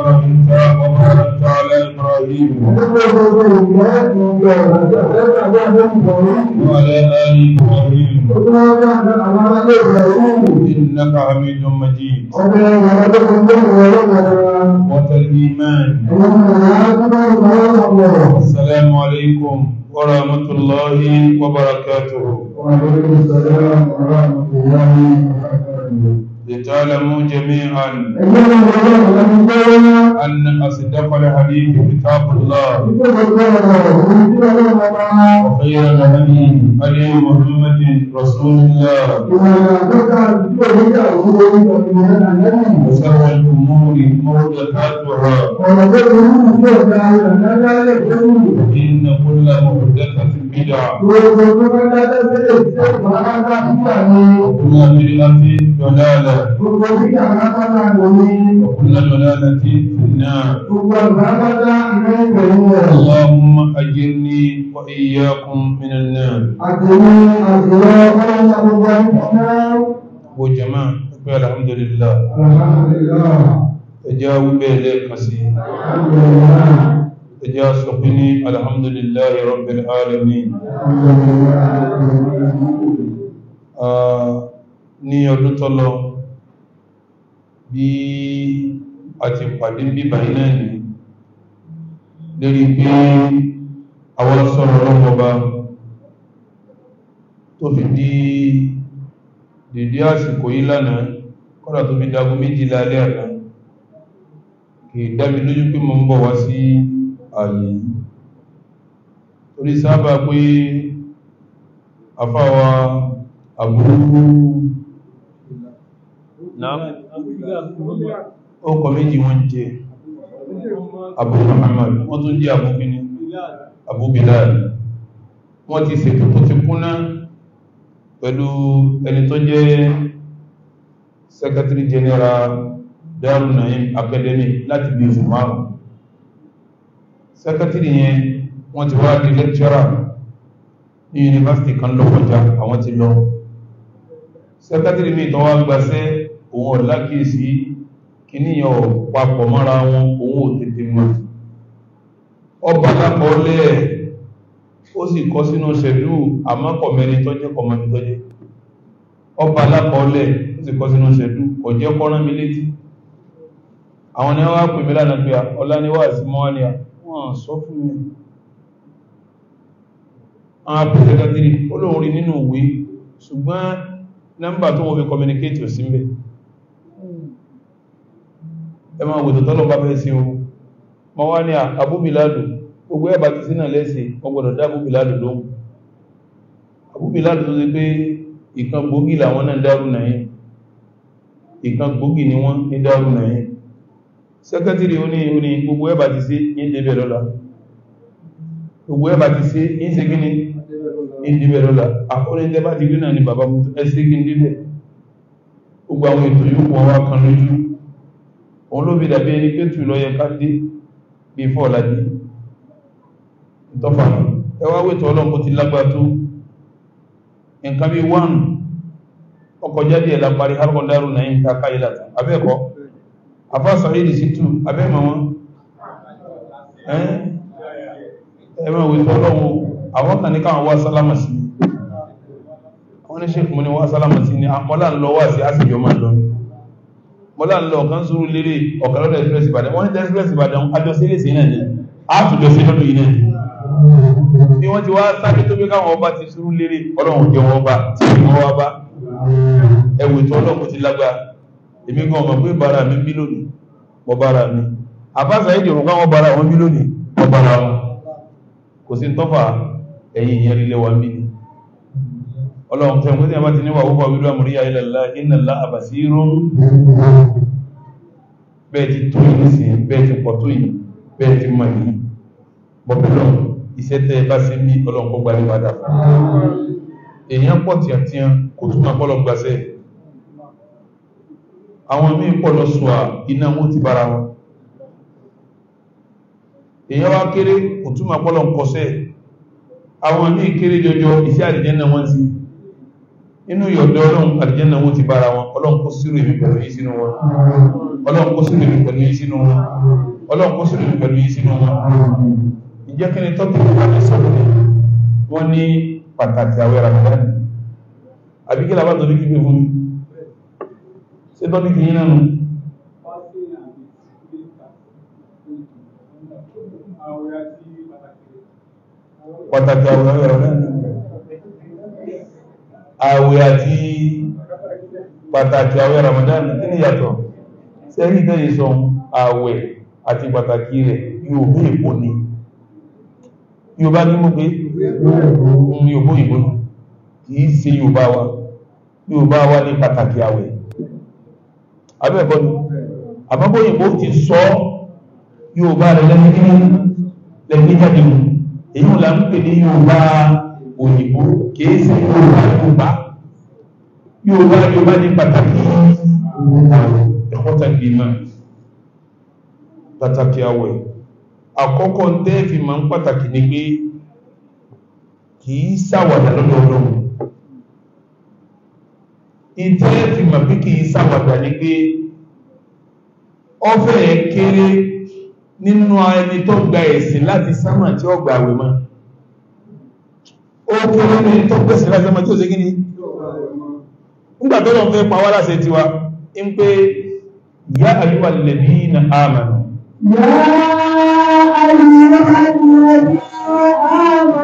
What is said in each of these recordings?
وانت وباركت على ابراهيم وعلى ال ابراهيم انك حميد مجيد قوة الايمان السلام عليكم ورحمة الله وبركاته وعليكم السلام ورحمة الله وبركاته لتعلموا جميعا أن أصدق الحديث كتاب الله وخير الهدي هدي محمد رسول الله وشر الأمور محدثاتها وإن كل محدثة ìgbìlá. Gbogbo gbogbo dáadáa sílẹ̀ ìṣẹ́ ìfọ̀lágbá nígbà ni. Ọkùnrin àti láti dọ̀láàlẹ̀. Gbogbo nígbà látàlá lórí. Ọkùnrin àti dọ̀láàlẹ̀ ti nà. Gbogbo àgbàlagbà ilé ìgbẹ̀rún rẹ̀. Allahumma ajirni wa iyyakum minan nar. Àjẹmí àjẹmọ́ ọlọ́run àgbègbè àgbà. Wo jama pé alhamdulillah. Alhamdulillah. Ẹja wíbẹ̀ lẹ́ẹ̀kan sí. Alhamdulillah. يا سقني الحمد لله رب العالمين ní ọdún tó lọ bí a ti pàdé bíbà iná ní lérí pé àwọn sọ̀rọ̀ lọ́wọ́ba tó fi dí dèdé àsìkò yí lánàá kọ́nà tó fi dagun méjìlá alẹ́ àná kì í dá lójú pé mo ń bọ̀ wá sí àlì torí sábà pé afáwa àbúrú ọkọ̀ méjì wọ́n jẹ́ Abu Muhammad wọ́n tún jẹ́ Abu Kini Abu Bilal wọ́n ti ṣètò tó ti kúnná pẹ̀lú ẹni tó jẹ́ Secretary General Darul Naim Academy láti bí oṣù sẹ́kẹ́tìrì yẹn wọ́n ti wá di lẹ́kṣọ́rà ní yunifásitì kan ló kọjá àwọn ti lọ sẹ́kẹ́tìrì mi tó wá gbaṣẹ́ òun ọ̀la kíyèsí kìnìyàn ò papọ̀ mọ́ra wọn òun ò tètè mọ̀ ọba lápọ̀ lẹ́ẹ̀ ó sì kọ́ sínú ṣẹ̀dú àmọ́kọ̀mẹ́ni tọ́jẹ́ kọ̀mọ́ni tọ́jẹ́ ọba alákọọlẹ̀ ó sì kọ́ sínú ṣẹ̀dú ọ̀jẹ́ kọ́rán mi létí àwọn ni wọ́n á pè mí lánàá pé ọlá ni wà sí mọ́wá ni wọ́n ah, sọ fún mi àpẹẹrẹ kàtìrì olóorin nínú ìwé ṣùgbọ́n nọ́mbà tó wọ́n fi communicate ò símbẹ̀ ẹ máa wòtò tọ́lọ̀ bá fẹ́ sí ohun ma wá ní àbúbìládù gbogbo ẹ̀bà ti sínà lẹ́sẹ̀ ọgbọ̀dọ̀ dá àbúbìládù lóhun àbúbìládù tó ti pé ìkan gbòógì làwọn náà dárú nàáyẹn ìkan gbòógì ni wọ́n ní dárú nàáyẹn sẹ́kẹ́tìrì ó ní ìhúní gbogbo ẹbà ti sí ìdíbẹ̀ lọ́la gbogbo ẹbà ti sí ìsẹ́gíní ìdíbẹ̀ lọ́la àkọ́rin tẹ́bà ti rí náà ni bàbá mú ẹsẹ́gíní díbẹ̀ gbogbo àwọn ètò yóò wọ́n wá kan lójú òun ló fi dàbí ẹni pẹ́tù lọ́yẹ ká dé bí fọ́ọ̀lájú ìtọ́fà ẹwà wètò ọlọ́pọ̀ ti lágbà tó nǹkan bí wọ́n àfáàsọ̀ yìí sí tú abẹ́mọ̀ wọn ẹ̀mọ̀ ìwé ọlọ́wọ́ àwọn kan ní káwọn wá sálámà sí àwọn ní ṣèkùn ní wá sálámà sí ní àmọ́lá ń lọ wá sí àṣìyọ máa lọ mọ́lá ń lọ ọ̀kan sùúrù lérè ọ̀kan lọ́dọ̀ express ìbàdàn wọ́n ní tẹ́ express ìbàdàn àjọ sílẹ̀ sí náà ni àtúndọ̀ sí lọ́dọ̀ yìí náà bí wọ́n ti wá sáré tó bí káwọn ọba ti sùúrù lérè ọlọ́run jẹ́ wọn ọba tí wọ́n wá bá ẹ̀wù èmi gan ọmọ pé bára mi bí lónìí mo bára mi àbáṣà èdè òun káwọn bára wọn bí lónìí mo bára wọn kò sí tọ́fà ẹ̀yìn ìyẹn líle wa mí ọlọ́run tẹ̀ wọ́n tí a bá ti níwà wọ́pọ̀ wíwá mú rí ayé lọ́la iná lá àbàsí rún bẹ́ẹ̀ ti tó yìí sí bẹ́ẹ̀ ti pọ̀ tó yìí bẹ́ẹ̀ ti mọ̀ yìí bọ́bẹ̀lọ́ iṣẹ́ tẹ́ bá sí bí ọlọ́run kó gbalẹ̀ padà èèyàn pọ̀ tíyantíyan kò túnmọ̀ àwọn míì pọ̀ lọ sọ à iná wọn ti bára wọn èèyàn wá kéré kò túmọ̀ pọ́lọ̀ ń kọsẹ̀ àwọn míì kéré jọjọ iṣẹ́ àdìjẹ́ náà wọ́n ti inú yọ̀dọ̀ ọlọ́run àdìjẹ́ náà wọ́n ti bára wọn ọlọ́run kó sírò èmi pẹ̀lú yín sínú wọn ọlọ́run kó sírò èmi pẹ̀lú yín sínú wọn ọlọ́run kó sírò èmi pẹ̀lú ìjẹ́ kí ni tọ́pù wọn ní sọ́kùn wọn ní pàtàkì àwẹ̀ ràmọ́dá àbíkí làbá ní kíkẹ́ fún mi ṣe tọ́bí kìí náà pàtàkì àwẹ̀ ọ̀rọ̀ náà àwẹ̀ àti pàtàkì àwẹ̀ Ramadan kí ni yàtọ̀ sẹ́rí ìtẹ́yẹ sọ àwẹ̀ àti pàtàkì rẹ̀ yóò bí èkó ni yóò bá ní mú pé yóò bó ìbò kìí ṣe yóò bá wa yóò bá wa ní pàtàkì àwẹ̀ abẹ́ẹ̀kọ́ ni àbábọ̀ òyìnbó ti sọ Yorùbá rẹ̀ lẹ́gbẹ̀ẹ́ lẹ́gbẹ̀ẹ́ jáde mu èyí ò la ń pè ní Yorùbá òyìnbó kìí ṣe Yorùbá Yorùbá Yorùbá Yorùbá ní pàtàkì ẹ̀kọ́ta kìí máa pàtàkì àwẹ̀ àkọ́kọ́ ń tẹ́ fi máa ń pàtàkì ni pé kìí ṣàwàdà lọ́dọọdún ìdí ẹ̀fì mọ̀ bí kìí sàwàdà ní pé ọfẹ́ ẹ̀ kéré nínú ẹni tó gba ẹ̀sìn láti sámà tí ó gbà àwẹ̀ mọ́ ó kéré ní tó gbẹ̀sìn láti sámà tí ó ṣe gíní nígbà tó lọ́n fẹ́ pa wá láṣẹ tiwa ń pé yá àyíwá lẹ̀bí na àmà yá àyíwá lẹ̀bí na àmà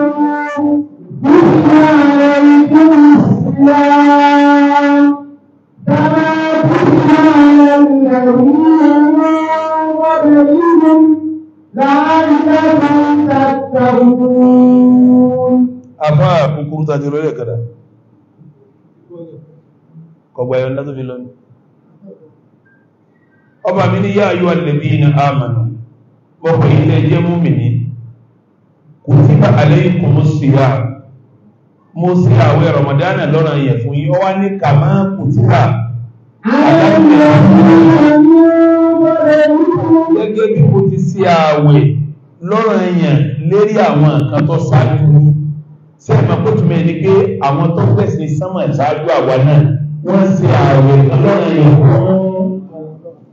تتقون afá kúkúrú tàbí orí ẹ̀kàdà kọgbà ẹ̀yọ̀ ńlá tó fi lọ́nà ọba mi ní yá ayú alẹ́bí ní àmàna mọ́kọ̀ ilẹ̀ jẹ́ múmìnì kutiba alaykumus siyam mo sí àwẹ̀ Ramadana lọ́rọ̀ yẹ̀ fún yín ọwá ní kàmá kutiba gẹ́gẹ́ bí mo ti sí àwẹ̀ lọ́rọ̀ èèyàn lérí àwọn nǹkan tó ṣáájú ní ṣe ẹ̀mọ́ kó túnmọ̀ ní pé àwọn tó fẹ̀sìn sánmọ̀ ṣáájú àwa náà wọ́n ṣe ààwẹ̀ lọ́rọ̀ èèyàn fún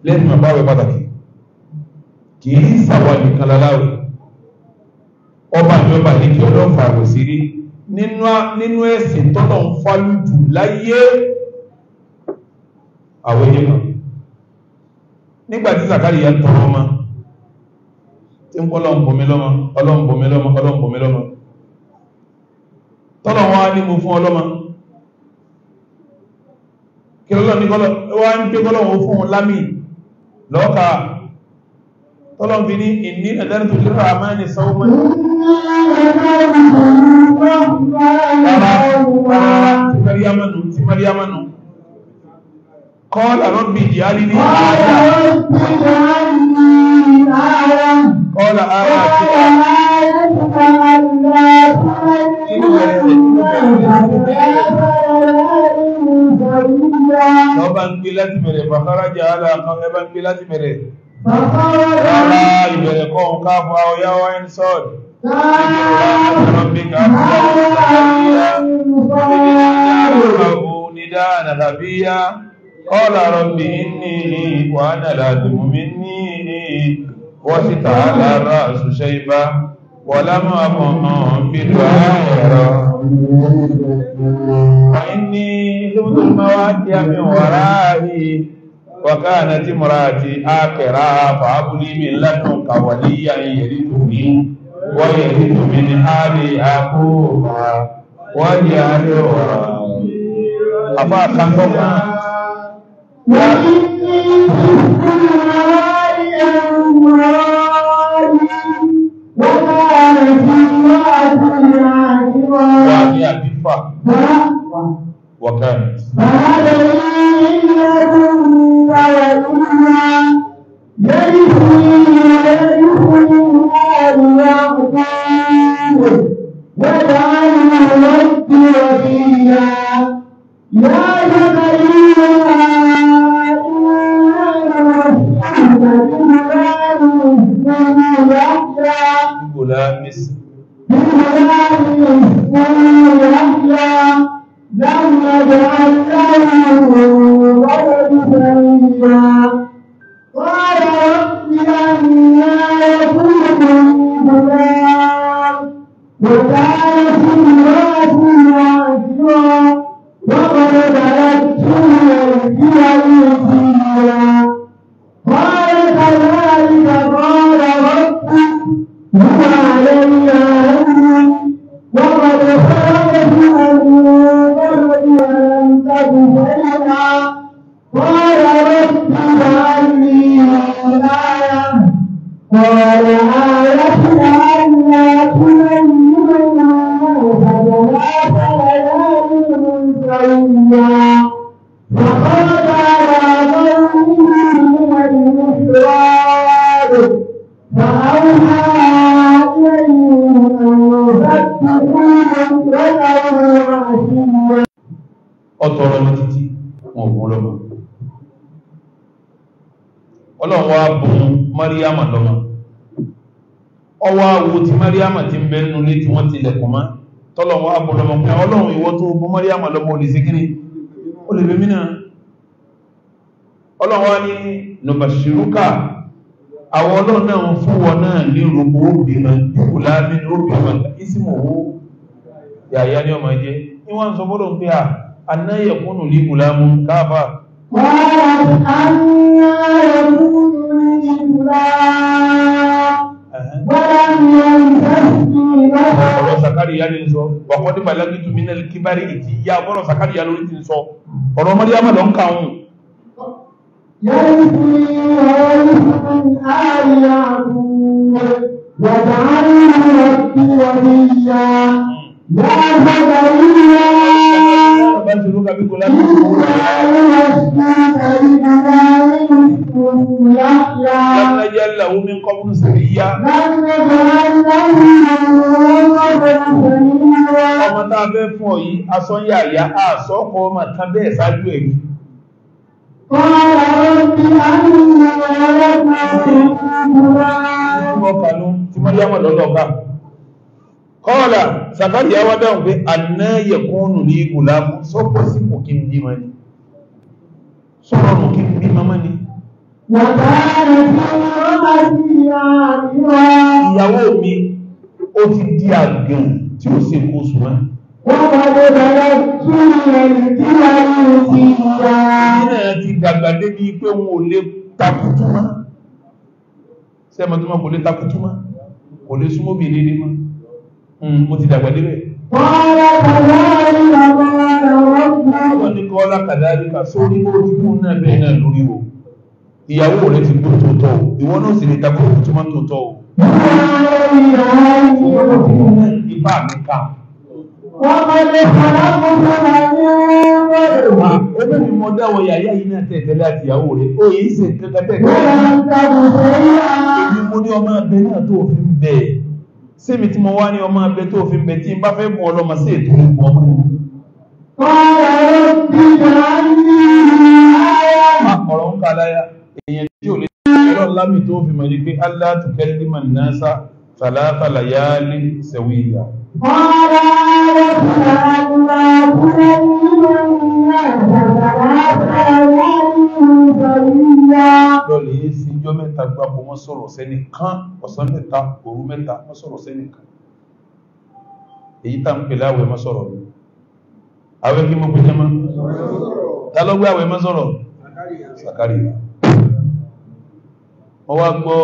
lẹ́nu àbáwẹ̀ pàtàkì kì í ṣàwà nìkan láláwẹ̀ ọba mi ọba ní kí ọlọ́run fa àwẹ̀ sí rí nínú ẹ̀sìn tọ́lọ̀ ń fálù jù láyé àwẹ̀ yẹn nígbà tí Zakari yẹn tọrọ ọmọ ń kọ́ ọlọ́mbọ̀mílọ́mọ ọlọ́mbọ̀mílọ́mọ ọlọ́mbọ̀mílọ́mọ tọ́lọ̀ wọn á ní mo fún ọlọ́mọ kí lọ́lọ́ ní kọ́lọ́ wá ń pé kọ́lọ́ wọn fún un lámì lọ́ọ̀ka tọ́lọ̀ fi ní ìní ẹ̀dẹ́rẹ́ tó lérò àmọ́ ẹni Ọ̀la ara Ọba ń gbé láti bẹ̀rẹ̀, bàkárá jẹ́ àlà kan ẹbá ń gbé láti bẹ̀rẹ̀. Bàkárá ìbẹ̀rẹ̀ kọ́ ń ká fún àwọn yáwá ń sọ́ọ̀dì. ní wà náà láti mú mi ní وسط على الرأس شيبة ولم أكن بدعاء وإني ذبت المواتي من ورائي وكانت امرأتي آكرا فأبني من لدنك وليا يرثني ويرث من آل أخوها وجعلها أفاقا وإني ذبت المواتي وكان wọ́n ti lẹ̀kùn mọ́ tọ́lọ̀wọ́ àbọ̀lọ́mọ̀ pé ọlọ́run ìwọ tó bú mọ́rí àmàlọ́mọ̀ olè sí kíní ó lè bèmí náà ọlọ́run wá ní nùbàṣírúkà àwọn ọlọ́run náà ń fún wọn náà ní rògbò obìnrin kù láàrin obìnrin ìsìmò owó yàyà ní ọmọ jẹ́ ní wọ́n sọ bọ́dọ̀ pé anáyẹ̀kúnnù ní gùlámù káàbà Wọ́n á yẹ kúrò ní ìgbà ọ̀rọ̀ sakariya ni sọ wàkọ́dé balẹ̀ tuntun mi náà kíbari ìtì ya ọ̀rọ̀ sakariya lórí ti sọ ọ̀rọ̀ mọ́ríyàmọ́ ló ń kà ń. Yàrá ìfúnni لم نجعل له من قبل سريا ọmọ tá a fẹ́ fún ọ yìí asọ́nyàyà àsọ́kọ̀ ọmọ kan bẹ́ẹ̀ ṣáájú ẹ̀rí Kọ́ọ̀lá, Sàkárì yá wá dáhùn pé ànáyẹ kúnnù ní ìgùnlá fún sọ́pọ̀ sí kò kí ń bí ma ní. Sọ́pọ̀ kò kí ń bí ma ní. Ìyàwó mi, ó ti di àgbẹ̀hùn tí ó sì kó sùn wá. Wọ́n bá ló bẹ̀rẹ̀ kí ẹni tí wọ́n ní ti yá. Ìyá ti dàgbà débi pé wọn ò lè takutu mọ́. Ṣé ẹ̀mọ́ tó máa kò lè takutu mọ́? Kò lè súnmọ́ mi lédè mọ́. Hmm, mo ti dàgbà débẹ̀. Wọ́n ní kọ́ lákàdá rí kà sórí ó ti kún náà bẹ́ẹ̀ náà lórí o ìyàwó rẹ̀ ti gbó tó tọ́ ìwọ náà sì lè takò tó máa tó tọ́ o. Ìbá mi ká. Wọ́n máa lè fara mọ́ fara ní ẹ̀wà. Ẹgbẹ́ mi mọ dáwọ̀ yàyà yìí náà tẹ̀tẹ̀lé àti ìyàwó rẹ̀. Ó yìí ṣe tẹ́tẹ́ tẹ́tẹ́. Èmi mo ní ọmọ abẹ náà tó fi ń bẹ̀. Sẹ́mi tí mo wá ní ọmọ abẹ tó fi ń bẹ̀ tí n bá fẹ́ mú ọlọ́mọ sí ètò ìwọ̀ ọmọ mi. Ọ̀rọ̀ ń bí ìjọba ń bí ìjọba. Ọ̀rọ̀ ń kà láyà èèyàn tí ò lè ẹ̀rọ lámì tó fi mọ̀ ní pé Allah tukallima nasa thalatha layali sawiya. lọ́lẹ̀ yìí sí ijọ́ mẹ́ta gbapò wọ́n sọ̀rọ̀ sẹ́nìkan ọ̀sán mẹ́ta òru mẹ́ta wọ́n sọ̀rọ̀ sẹ́nìkan èyí tá ń pè láwẹ̀ mọ́ sọ̀rọ̀ ní àwẹ́ kí mọ́ pé jẹ́ mọ́ ta ló gbé àwẹ̀ mọ́ sọ̀rọ̀ Sàkáríyà wọ́n wá gbọ́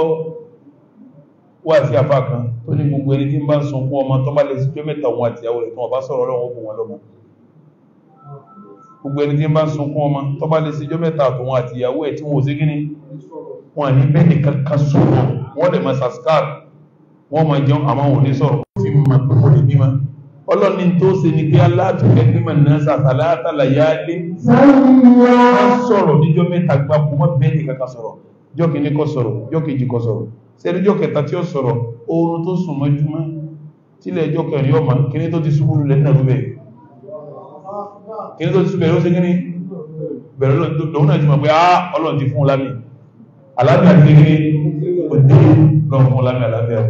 wà sí àfá kan tó ní gbogbo ẹni tí ń bá ń sunkún ọmọ tó bá lè sí pé mẹ́ta òun àti ìyàwó rẹ̀ tó wọ́n bá sọ̀rọ̀ ọlọ́run ogun wọn lọ́mọ gbogbo ẹni tí ń bá ń sunkún ọmọ tó bá lè sí jọ mẹ́ta àtòun àti ìyàwó ẹ̀ tí wọ́n sí kíní wọn ní bẹ́ẹ̀ni kankan sọ̀rọ̀ wọ́n lè máa sàskar wọ́n máa jẹun àmọ́ wọn ní sọ̀rọ̀ fi máa pé wọ́n lè bí ma ọlọ́ni tó ṣe ni pé aláàtúkẹ́ ní mà náà sàtàlátàlá yá lé sọ̀rọ̀ níjọ́ mẹ́ta gbapò mọ́ bẹ́ẹ̀ni kankan sọ̀rọ̀ jọ́ kìíní kò sọ̀rọ̀ jọ́ kejì kò sọ̀rọ̀ sẹ́rí jọ́ kẹta tí ó sọ̀rọ̀ oorun tó sùn mọ́júmọ́ tílẹ̀ jọ́ kẹrin ọmọ kìíní tó ti ṣubúrú lẹ́nà rúbẹ̀ kìíní tó ti bẹ̀rẹ̀ ó sí kìíní bẹ̀rẹ̀ lòun náà ti mọ̀ pé á ọlọ́run ti fún un lámì àlàáfíà ti kìíní òde lọ fún un lámì àlàáfíà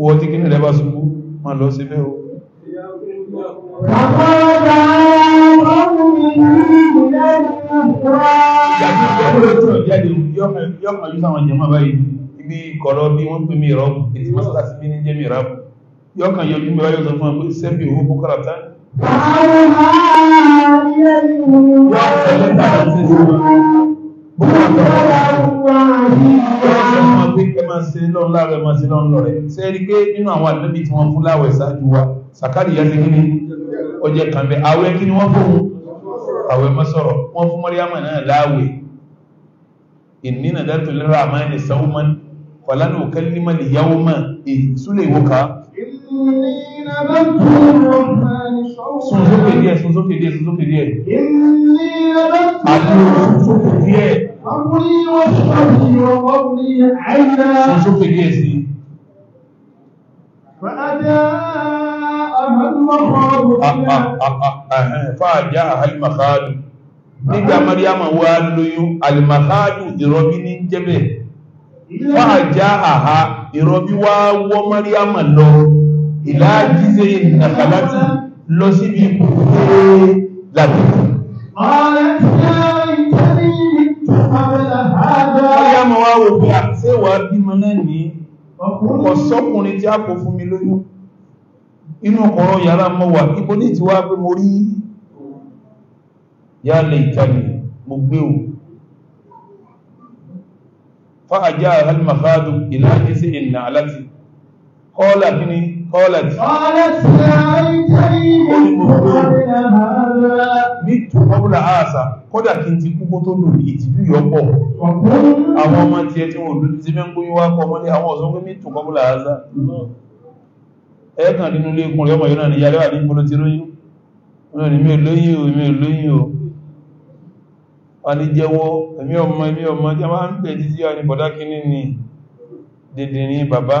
wọ tí kìíní rẹ bá máa lọ sí bẹ́ẹ̀ o. Àwọn ọ̀gá ọ̀gá ọ̀gá kúrọ́. Ìyàtí ìjọba tí ó jáde yọ́kàn yóò sáwọn jẹ́mọ́ báyìí ibi kọ̀rọ̀ bí wọ́n pè mí ìrọ́bù ètí mọ́sálásí bí ní jẹ́ mi ìrọ́bù. Yọ́kàn yọjú mi wáyé sọ fún ọ pé sẹ́mi òwò bókọ́rà tán. Àwọn ọmọ ayé àwẹ̀ mọ́sọ̀rọ̀ wọ́n fún mọ́ríyàmọ̀ náà láàwẹ̀ ìnínà dátò lẹ́rọ àmáyẹ̀ sáwọ́mọ́n kọ̀lánà òkèlímọ̀ lè yáwó mọ́ ìsúlẹ̀ ìwọ́ka sunzókè díẹ̀ sunzókè díẹ̀ sunzókè díẹ̀ àti sunzókè díẹ̀ sunzókè díẹ̀ sí i fàájá alimakadu ah, ah, ah, eh, nígbà mariama wá lóyún alimakadu ìrọbí ní jẹ́bẹ̀ fàájá àhá ìrọbí wá wọ́ mariama lọ ìlàjíze nàkàláti lọ síbi gbogbo làbí mariama wá wò pé àṣẹwà bímọ náà ní kò sọ́kùnrin tí a kò fún mi lóyún inú ọkọ̀rọ̀ yàrá mọ́ wà ipò ní ìtíwá pé mo rí yà lè ìtàlì mo gbé o fáàjá almahadu ìlànà sí ìnà aláti kọ́ọ́lá kí ni Kọ́lẹ̀t. Kọ́lẹ̀t láìpẹ́ ní tòkọ́bùlà àṣà kódà kí n ti kú kó tó lò ní ìtìlú yọpọ̀. Àwọn ọmọ tí ẹ tí wọ́n lójú ti mẹ́ ń gbóyún wá kọ́ mọ́lé àwọn ọ̀sán pé ní tòkọ́bùlà àṣà. Ẹ̀ẹ́kàn nínú ilé ikùn lọ́mọ yóò náà ní yàrá wà ní gbọ́dọ̀ ti lóyún. Wọ́n ní mi ò lóyún o, mi ò lóyún o. Wọ́n ní jẹ́wọ́, èmi ọmọ, èmi ọmọ, jẹ́ máa ń pè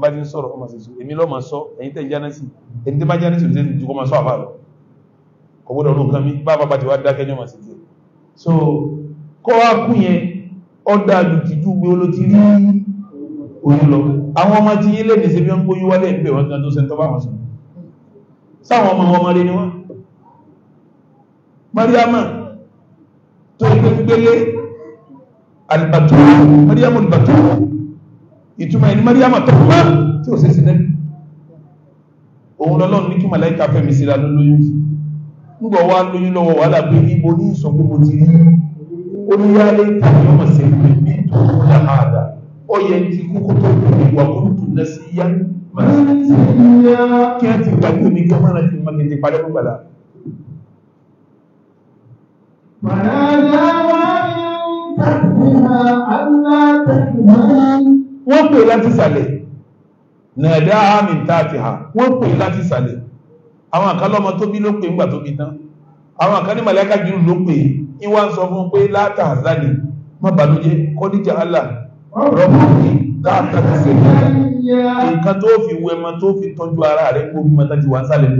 bá ti ń sọ̀rọ̀ ọmọ sẹ̀sọ èmi lọ́mọ sọ ẹ̀yin tẹ̀ jánẹ́sì ẹni tẹ́ bá jánẹ́sì ò tẹ́sí jùkọ́ ma sọ àfà lọ kò gbọ́dọ̀ ọdún kan mi bá bàbá ti wá dákẹ́ ní ọmọ sí ti so kọ́ wá kú yẹn ọ̀dà lùtìjú gbé olóti rí oyún lọ àwọn ọmọ ti yín lẹ́nu ṣe bí wọ́n gbóyún wálé ẹ̀gbẹ́ wọn kan tó ṣe ń wọn sọ sáwọn ọmọ wọn mọ́lé ni wọ́n mariama tó ń gbé alibatu mariamu alibatu ìtumọ̀ ẹni Mariam tó pẹ́ tí ò sì sí lẹ́nu òun lọ́lọ́run ní kí màláìka fẹ́mi síra ló lóyún ńgbọ̀ wá lóyún lọ́wọ́ wàhálà pé ibo ní ìsọ̀kú mo ti rí oníyálé tàbí ọmọ sẹ́yìn ní ìtòkú dáadáa Allah tàbí wọ́n pè láti sàlẹ̀ nàẹ̀dá àmì tààtì ha wọ́n pè láti sàlẹ̀ àwọn àkálọ́mọ tó bí ló pè ńgbà tó bí tán àwọn àkálí màláíkà jù ló pè ìwà ń sọ fún pé látà àzálì má bàlójẹ́ kọ́díjà Allah rọ́bùnrin dáàtà fi ara rẹ̀ kó bí mọ́tàjú wà sálẹ̀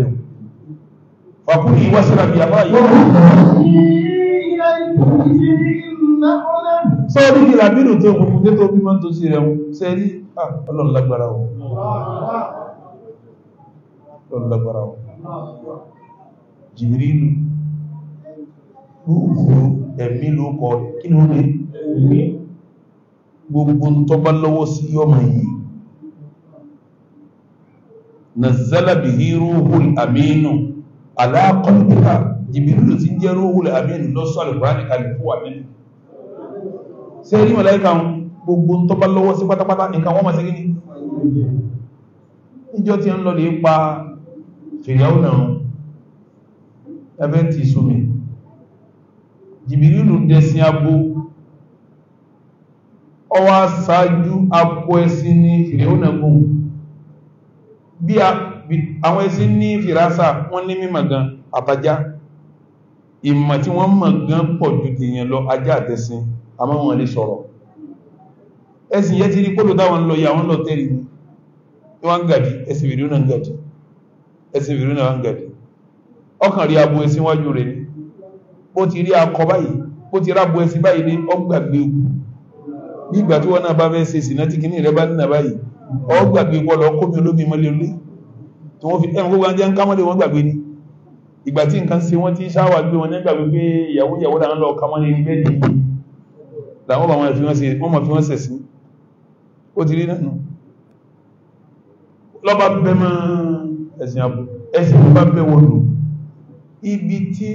sọ rí ìlà bírù tó kùnkù tó tó bí mọ́ tó sí rẹ̀ ṣe rí ọlọ́lágbára wọn ọlọ́lágbára wọn jìrìnù lóòfò ẹ̀mí ló kọ kí ni ó lè gbogbo tó bá lọ́wọ́ sí ọmọ yìí nàzàlà bìí rúhùl àmínú aláàkọ̀lùkà jìbìrìlù ti ń jẹ́ rúhùl àmínú lọ́sọ̀lù bá ní kàlùkù àmínú ṣe rí mọ̀lẹ́kà ń gbogbo tó bá lọ́wọ́ sí pátápátá nǹkan wọ́n ma ṣe gíní níjọ́ tí ń lọ lè pa fìyàwó náà ẹbẹ́ ti sómi jìbìrìlù dẹ̀sìn abo ọwọ́ aṣáájú akọ ẹṣin ní fìyàwó náà gùn bí àwọn ẹṣin ní fìrásà wọ́n ní mímọ̀ gan àtajá ìmọ̀ tí wọ́n mọ̀ gan pọ̀ ju tèèyàn lọ ajá àtẹṣin àmọ́ wọn lè sọ̀rọ̀ ẹ̀sìn yẹ́ ti rí kó ló dáwọn lọ yà wọ́n lọ tẹ́rì ní wọ́n gàdì ẹ̀sìn ìrú náà gàdì ẹ̀sìn ìrú náà gàdì ọkàn rí abo ẹ̀sìn wájú rẹ̀ ní bó ti rí akọ báyìí bó ti rábo ẹ̀sìn báyìí ní ọgbàgbé ogun bí ìgbà tí wọ́n náà bá fẹ́ ni ìgbà tí nǹkan ṣe wọ́n ti ṣáwà gbé wọn nígbàgbé pé ìyàwó ìyàwó làwọn lọ kámọ́lé ní bẹ́ẹ̀ làwọn bá wọn fi wọ́n sẹ̀ sí ó ti rí nánú lọ́bá bẹ́ mọ́ ẹ̀sìn àbò ẹ̀sìn bá bẹ́ wọ́lù ibi tí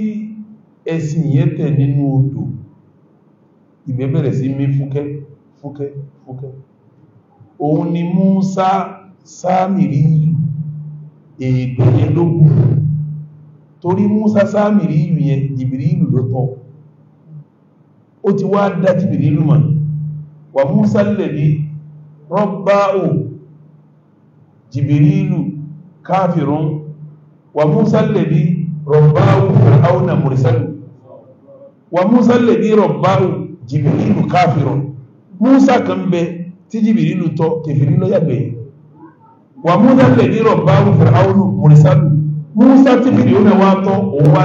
ẹ̀sìn yẹ́ tẹ̀ nínú odò ìbẹ́ bẹ̀rẹ̀ sí mí fúkẹ́ fúkẹ́ fúkẹ́ òun ni Músà sáàmìrí èdò yẹn lógún torí Músà sáàmìrí yẹn ìbìrí ìlú ló tọ́ ó ti wá dá jìbìrì ìlú mọ̀ wà Musa lèbí rọ́báò jìbìrì ìlú káfìrún wà Musa lèbí rọ́báò fir'auna mùrìsálù wà Musa lèbí rọ́báò jìbìrì ìlú káfìrún Musa kan bẹ tí jìbìrì ìlú tọ kẹfìrí lọ yàgbẹ́ wà Musa lèbí rọ́báò fir'auna mùrìsálù Musa tí fìrí tọ́ òun wá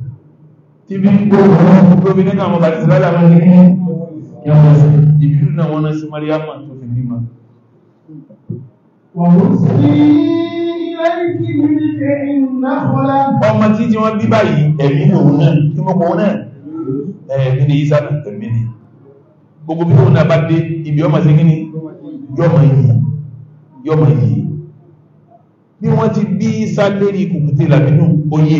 tí bí gbogbo gómìnà àwọn bàtí sílẹ̀ àwọn ní yàwó sí ìbílù náà wọ́n náà sí mariama tó fi bímọ. ọmọ tí tí wọ́n bí báyìí ẹ̀mí lòun náà tí mo pọ̀ náà ẹ̀mí ni yíṣà náà ẹ̀mí ni gbogbo bí tóun náà bá dé ibi ọmọ sí kíní yọmọ yìí yọmọ yìí bí wọ́n ti bí sálẹ́rì kùkùté làbínú oyè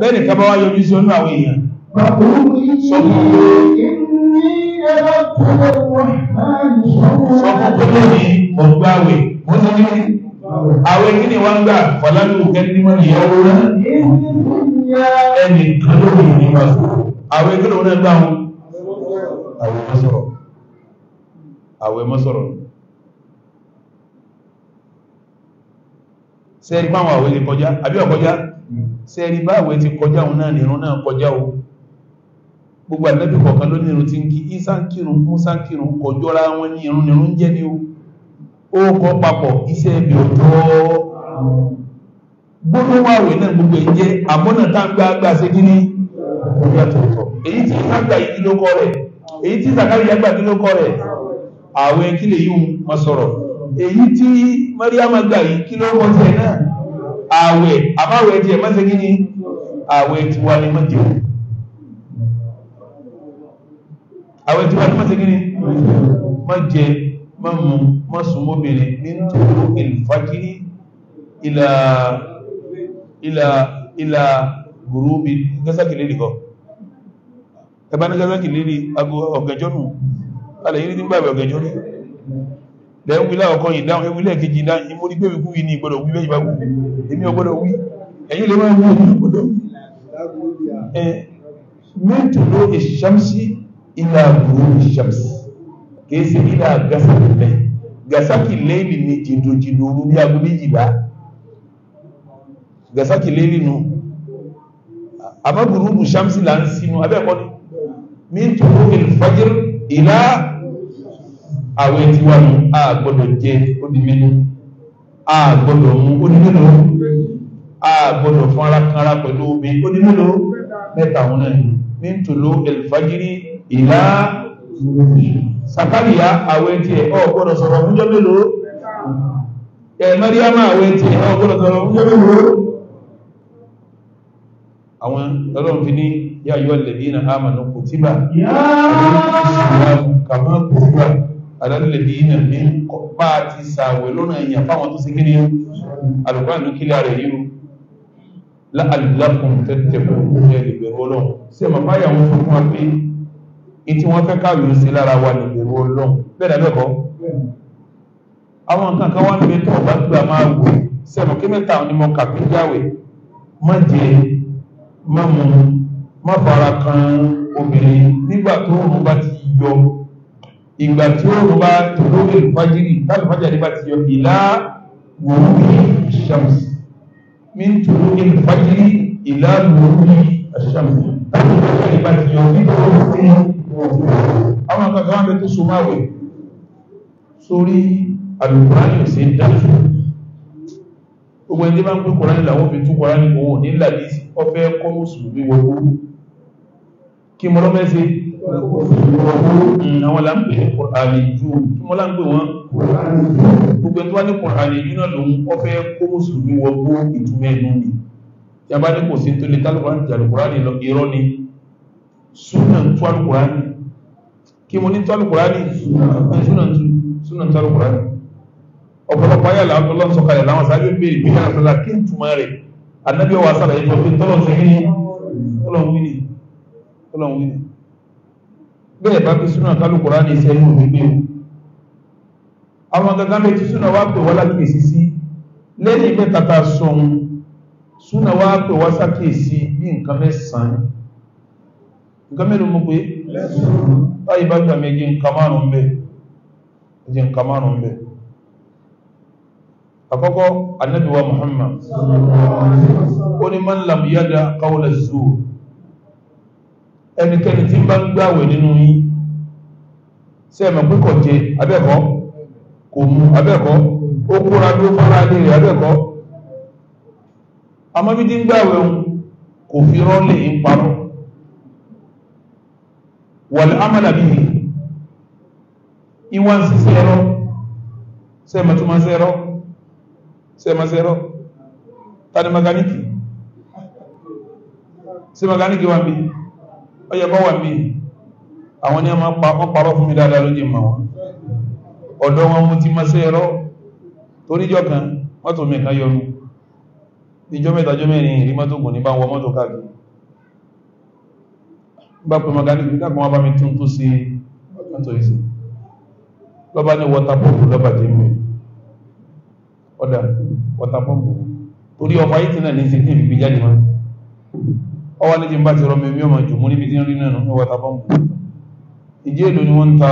bẹ́ẹ̀ni kẹba wá yọjú sí ọdún àwọn èèyàn sọ́kùn pẹ̀lú ní ọgbàwẹ̀ wọ́n ti ní àwẹ̀ kí ni wọ́n gbà fọ́lánù kẹ́dínmọ́ ni yàwó rẹ̀ ẹni kan ló wù ní wà àwẹ̀ kí ni wọ́n gbà wọn àwẹ̀ mọ́sọ̀rọ̀ àwẹ̀ mọ́sọ̀rọ̀ sẹ́ẹ̀rí páwọn àwẹ̀ ti kọjá àbí ọ̀kọjá sẹ́ẹ̀rí hmm. bá àwẹ̀ ti kọjá òun náà nìrún náà kọjá o gbogbo ànábì kọ̀ọ̀kan ló nírun ti ń kí ìsánkírun músánkírun kọjọ́ra wọn ní irun nírun jẹ́ ní o ó kọ́ papọ̀ iṣẹ́ ibi ọjọ́ gbogbo wàwẹ̀ náà gbogbo ẹ̀ jẹ́ àmọ́nà tá ń gbá gbà sí kí ní ọjọ́ àtọ̀tọ̀ èyí tí ìsàgbà yìí kí èyí tí Mariam gbà yìí kí ló rọ́ tẹ̀ náà àwẹ̀ àbáwẹ̀ tiẹ̀ mọ́sẹ̀ kí ni àwẹ̀ tiwa ni mọ́ jẹun àwẹ̀ tiwa ni mọ́sẹ̀ kí ni mọ́ jẹ mọ́ mu mọ́ sùn mọ́bìnrin ní tòrò ìlfàkiri ìlà ìlà ìlà gùrúbi gẹ́sàkìlẹ̀ nìkọ́ ẹbá ní gẹ́sàkìlẹ̀ ní ago ọ̀gẹ̀jọ́nù ní bàbẹ̀ ọ̀gẹ̀jọ́nù lẹ́yìn wílẹ̀ ọkọ̀ ìdáhùn ewílẹ̀ kejì ìdáhùn ìmúrí gbé wíkú yìí ní ìgbọ́dọ̀ wí bẹ́ẹ̀ ìbáwú èmi ọgbọ́dọ̀ wí ẹ̀yìn lè máa wú ọgbọ́dọ̀ ẹ mẹ́tò ló ìṣàmsí ilà àbúrò ìṣàmsí kìí ṣe ilà gàṣàkìlẹ̀ gàṣàkìlẹ̀ ìlì ní jìndòjìndò orú bí aago méjìlá gàṣàkìlẹ̀ ìlì nu àmọ́ gbùrùgbù ṣàmsí là ń sinú abẹ́ẹ̀kọ́ ni mẹ́tò ló ìfajr ilà àwẹ̀ tí wà mú a gbọ́dọ̀ jẹ ó a gbọ́dọ̀ mú ó di mẹ́nu a gbọ́dọ̀ fún ara kanra pẹ̀lú omi ó di mẹ́nu mẹ́ta àwọn náà ní tòló ẹlùfàgírí ìlà sàkàríyà àwẹ̀ tí ẹ̀ ọ̀ gbọ́dọ̀ sọ̀rọ̀ fúnjọ́ mélòó ẹ̀ mẹ́ríàmà àwẹ̀ tí ẹ̀ ọ̀ gbọ́dọ̀ sọ̀rọ̀ fúnjọ́ mélòó àwọn ọlọ́run fi alálẹ́lẹ́bí yìnyàn ní bá ti sàwẹ̀ lọ́nà èèyàn fáwọn tó sí kíní alùpàá ìlú kílẹ̀ rẹ̀ yìí láàlùlákùn tẹ́tẹ̀kù ní ẹgbẹ̀rún ọlọ́run sí ẹ̀mọ̀ báyà wọn fún wa pé ní tí wọ́n fẹ́ káwé ó sí lára wa lẹ̀gbẹ̀rún ọlọ́run bẹ́ẹ̀ lẹ́kọ̀ọ́ àwọn nǹkan ni mo kà pé obìnrin nígbà tó òun bá ti yọ ìgbà tí ó rú bá tòlórí ìfàjírí láti fàjírí bá ti yọ ìlà wòrúbí ṣàmùsì mí tòlórí ìfàjírí ìlà wòrúbí ṣàmùsì láti fàjírí bá ti yọ bí tòlórí sí wòrúbí àwọn akẹ́kọ̀ọ́ wọn bẹ tó so máa wẹ̀ sórí àlùkùránì ṣe ń dájú gbogbo kí mọ́ lọ́mọ́ ẹ́sẹ̀ àwọn lámpẹ̀ kùránìjú kí mọ́ lámpẹ̀ wọn gbogbo tó wá ní kùránìjú náà lòun ọfẹ́ kó mùsùlùmí wọgbó ìtumẹ̀ ẹnu ni tí a bá ní kò sí tó lè tálùkùránì tàlùkùránì irọ́ ni súnà tó alùkùránì kí mo ní tó alùkùránì súnà tó alùkùránì ọ̀pọ̀lọpọ̀ ayé àlọ́ sọ̀kalẹ̀ làwọn sáájú bèèrè bí kí n túmọ̀ rẹ̀ ànábì ọwọ́ tó fi tọ́lọ̀ sí ní tọ́lọ̀ wí ni ọlọ́run ní bẹ́ẹ̀ bá fi súnà kálùkùrá ní iṣẹ́ inú gbígbé o àwọn gangan méjì súnà wá pè wá lákèsí sí lẹ́yìn mẹ́tàtà sọun súnà wá pè wá sákèsí bí nǹkan mẹ́sàn-án nǹkan mẹ́lú mú pé báyìí bá gbà méjì nǹkan márùn-ún bẹ́ẹ̀ méjì nǹkan márùn-ún bẹ́ẹ̀ àkọ́kọ́ Ànábì wa Muhammad ó ní man lam yada qawla zuur ẹnikẹ́ni tí ń bá ń gbàwẹ̀ nínú yín sí ẹ̀mọ̀ pé kò jẹ abẹ́ẹ̀kọ́ kò mu abẹ́ẹ̀kọ́ ó kóra bí ó fara lé rẹ̀ abẹ́ẹ̀kọ́ àmọ́ bí tí ń gbàwẹ̀ òun kò fi rọ́lẹ̀ ń parọ́ wàlẹ̀ amala bíi ìwà ń sísẹ́ ẹ̀rọ sẹ́ẹ̀mọ̀ tó máa ń sẹ́ẹ̀rọ sẹ́ẹ̀mọ̀ sẹ́ẹ̀rọ tani maganiki sí maganiki wà bíi ó yẹ bọ́wà mí àwọn ní ọmọ parọ́ fún mi dáadáa lójú mọ̀ wọn ọ̀dọ́ wọn mú ti máa ṣe ẹ̀rọ toríjọ́ kan mọ́tò mi kan yọrù ìjọ mẹ́ta jọ mẹ́rin ìrí mọ́tò gùn ní bá wọ mọ́tò káàkiri bá pè mọ́gáníkì dákùn wọn bá mi tún tó sí mọ́tò ìsìn lọ́bá ní wọ́ta ọ̀dà wọ́ta pọ́pù torí ọmọ ayé ti náà ní sí ti ìrìbí máa ọwọ́ ní jẹ́ bá ti rọmọ ẹ̀mí ọmọ jù mú níbi tí ń rí náà ní wọ́tàbọ́m̀bù ìjẹ́ èlò ni wọ́n ń ta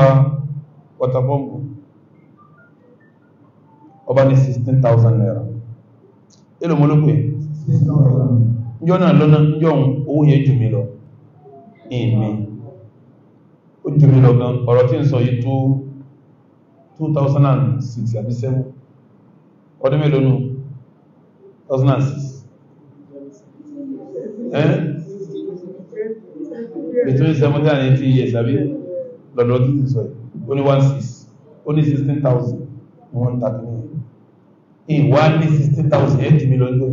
wọ́tàbọ́m̀bù ọba ní 16,000 naira èlò mọ́ ló pè jọ náà lọ́nà jọ owó yẹ jù mí lọ ìmí ó jù mí lọ gan ọ̀rọ̀ tí ń sọ yìí tó 2006 àbí 7 ọdún mélòó nù 2006 ẹ́ between seventy and eighty years àbí lọ́dọ̀ ọdún ti sọ yìí ó one six only sixteen thousand ni wọ́n ń ta kí nìyẹn ní sixteen thousand eighty million tó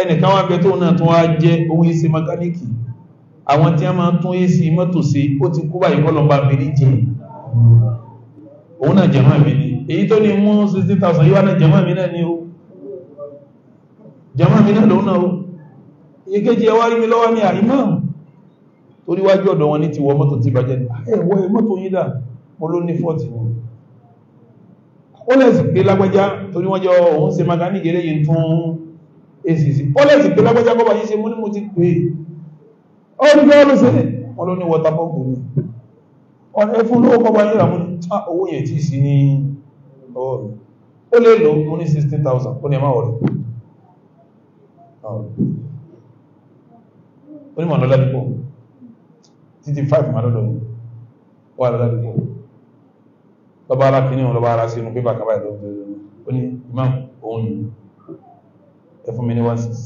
ẹnìkan wá bẹ tó náà tó wá jẹ́ ohun èsì mẹkáníìkì àwọn tí a máa tún èsì mọ́tò ṣe ó ti kú báyìí kọ́ lọ́nba mi ní jẹ́ òun náà jẹ̀mọ́ mi ni èyí tó ní mú sixteen thousand yíwá náà jẹ̀mọ́ mi náà ni ó jẹ̀mọ́ mi náà lòun náà ó ìyẹ́kẹ́jì ẹ wá rí mi lọ́wọ́ ní àìmọ́ torí wájú ọ̀dọ̀ wọn ní ti wọ mọ́tò ti bàjẹ́ ah, ẹ̀wọ́ mọ́tò yín dà mo ló ní fọ́ọ̀tì wọn ó lẹ́sì pé lágbájá torí wọ́n jọ òun ṣe makaniki eléyìí tún èsì sí ó lẹ́sì pé lágbájá bọ́bá yìí ṣe mú ní mo ti pè ah, sixteen thousand ó ní ẹ̀ má wọlé onímọ̀ ọ̀nà títí five máa lọ́dọ̀ wà lọ́dọ̀ lọ́ba ara kìíní òun lọ́ba ara sí inú pépà kábàá ìlú òun ó ní imam òun ni ẹ fún mi ní one six.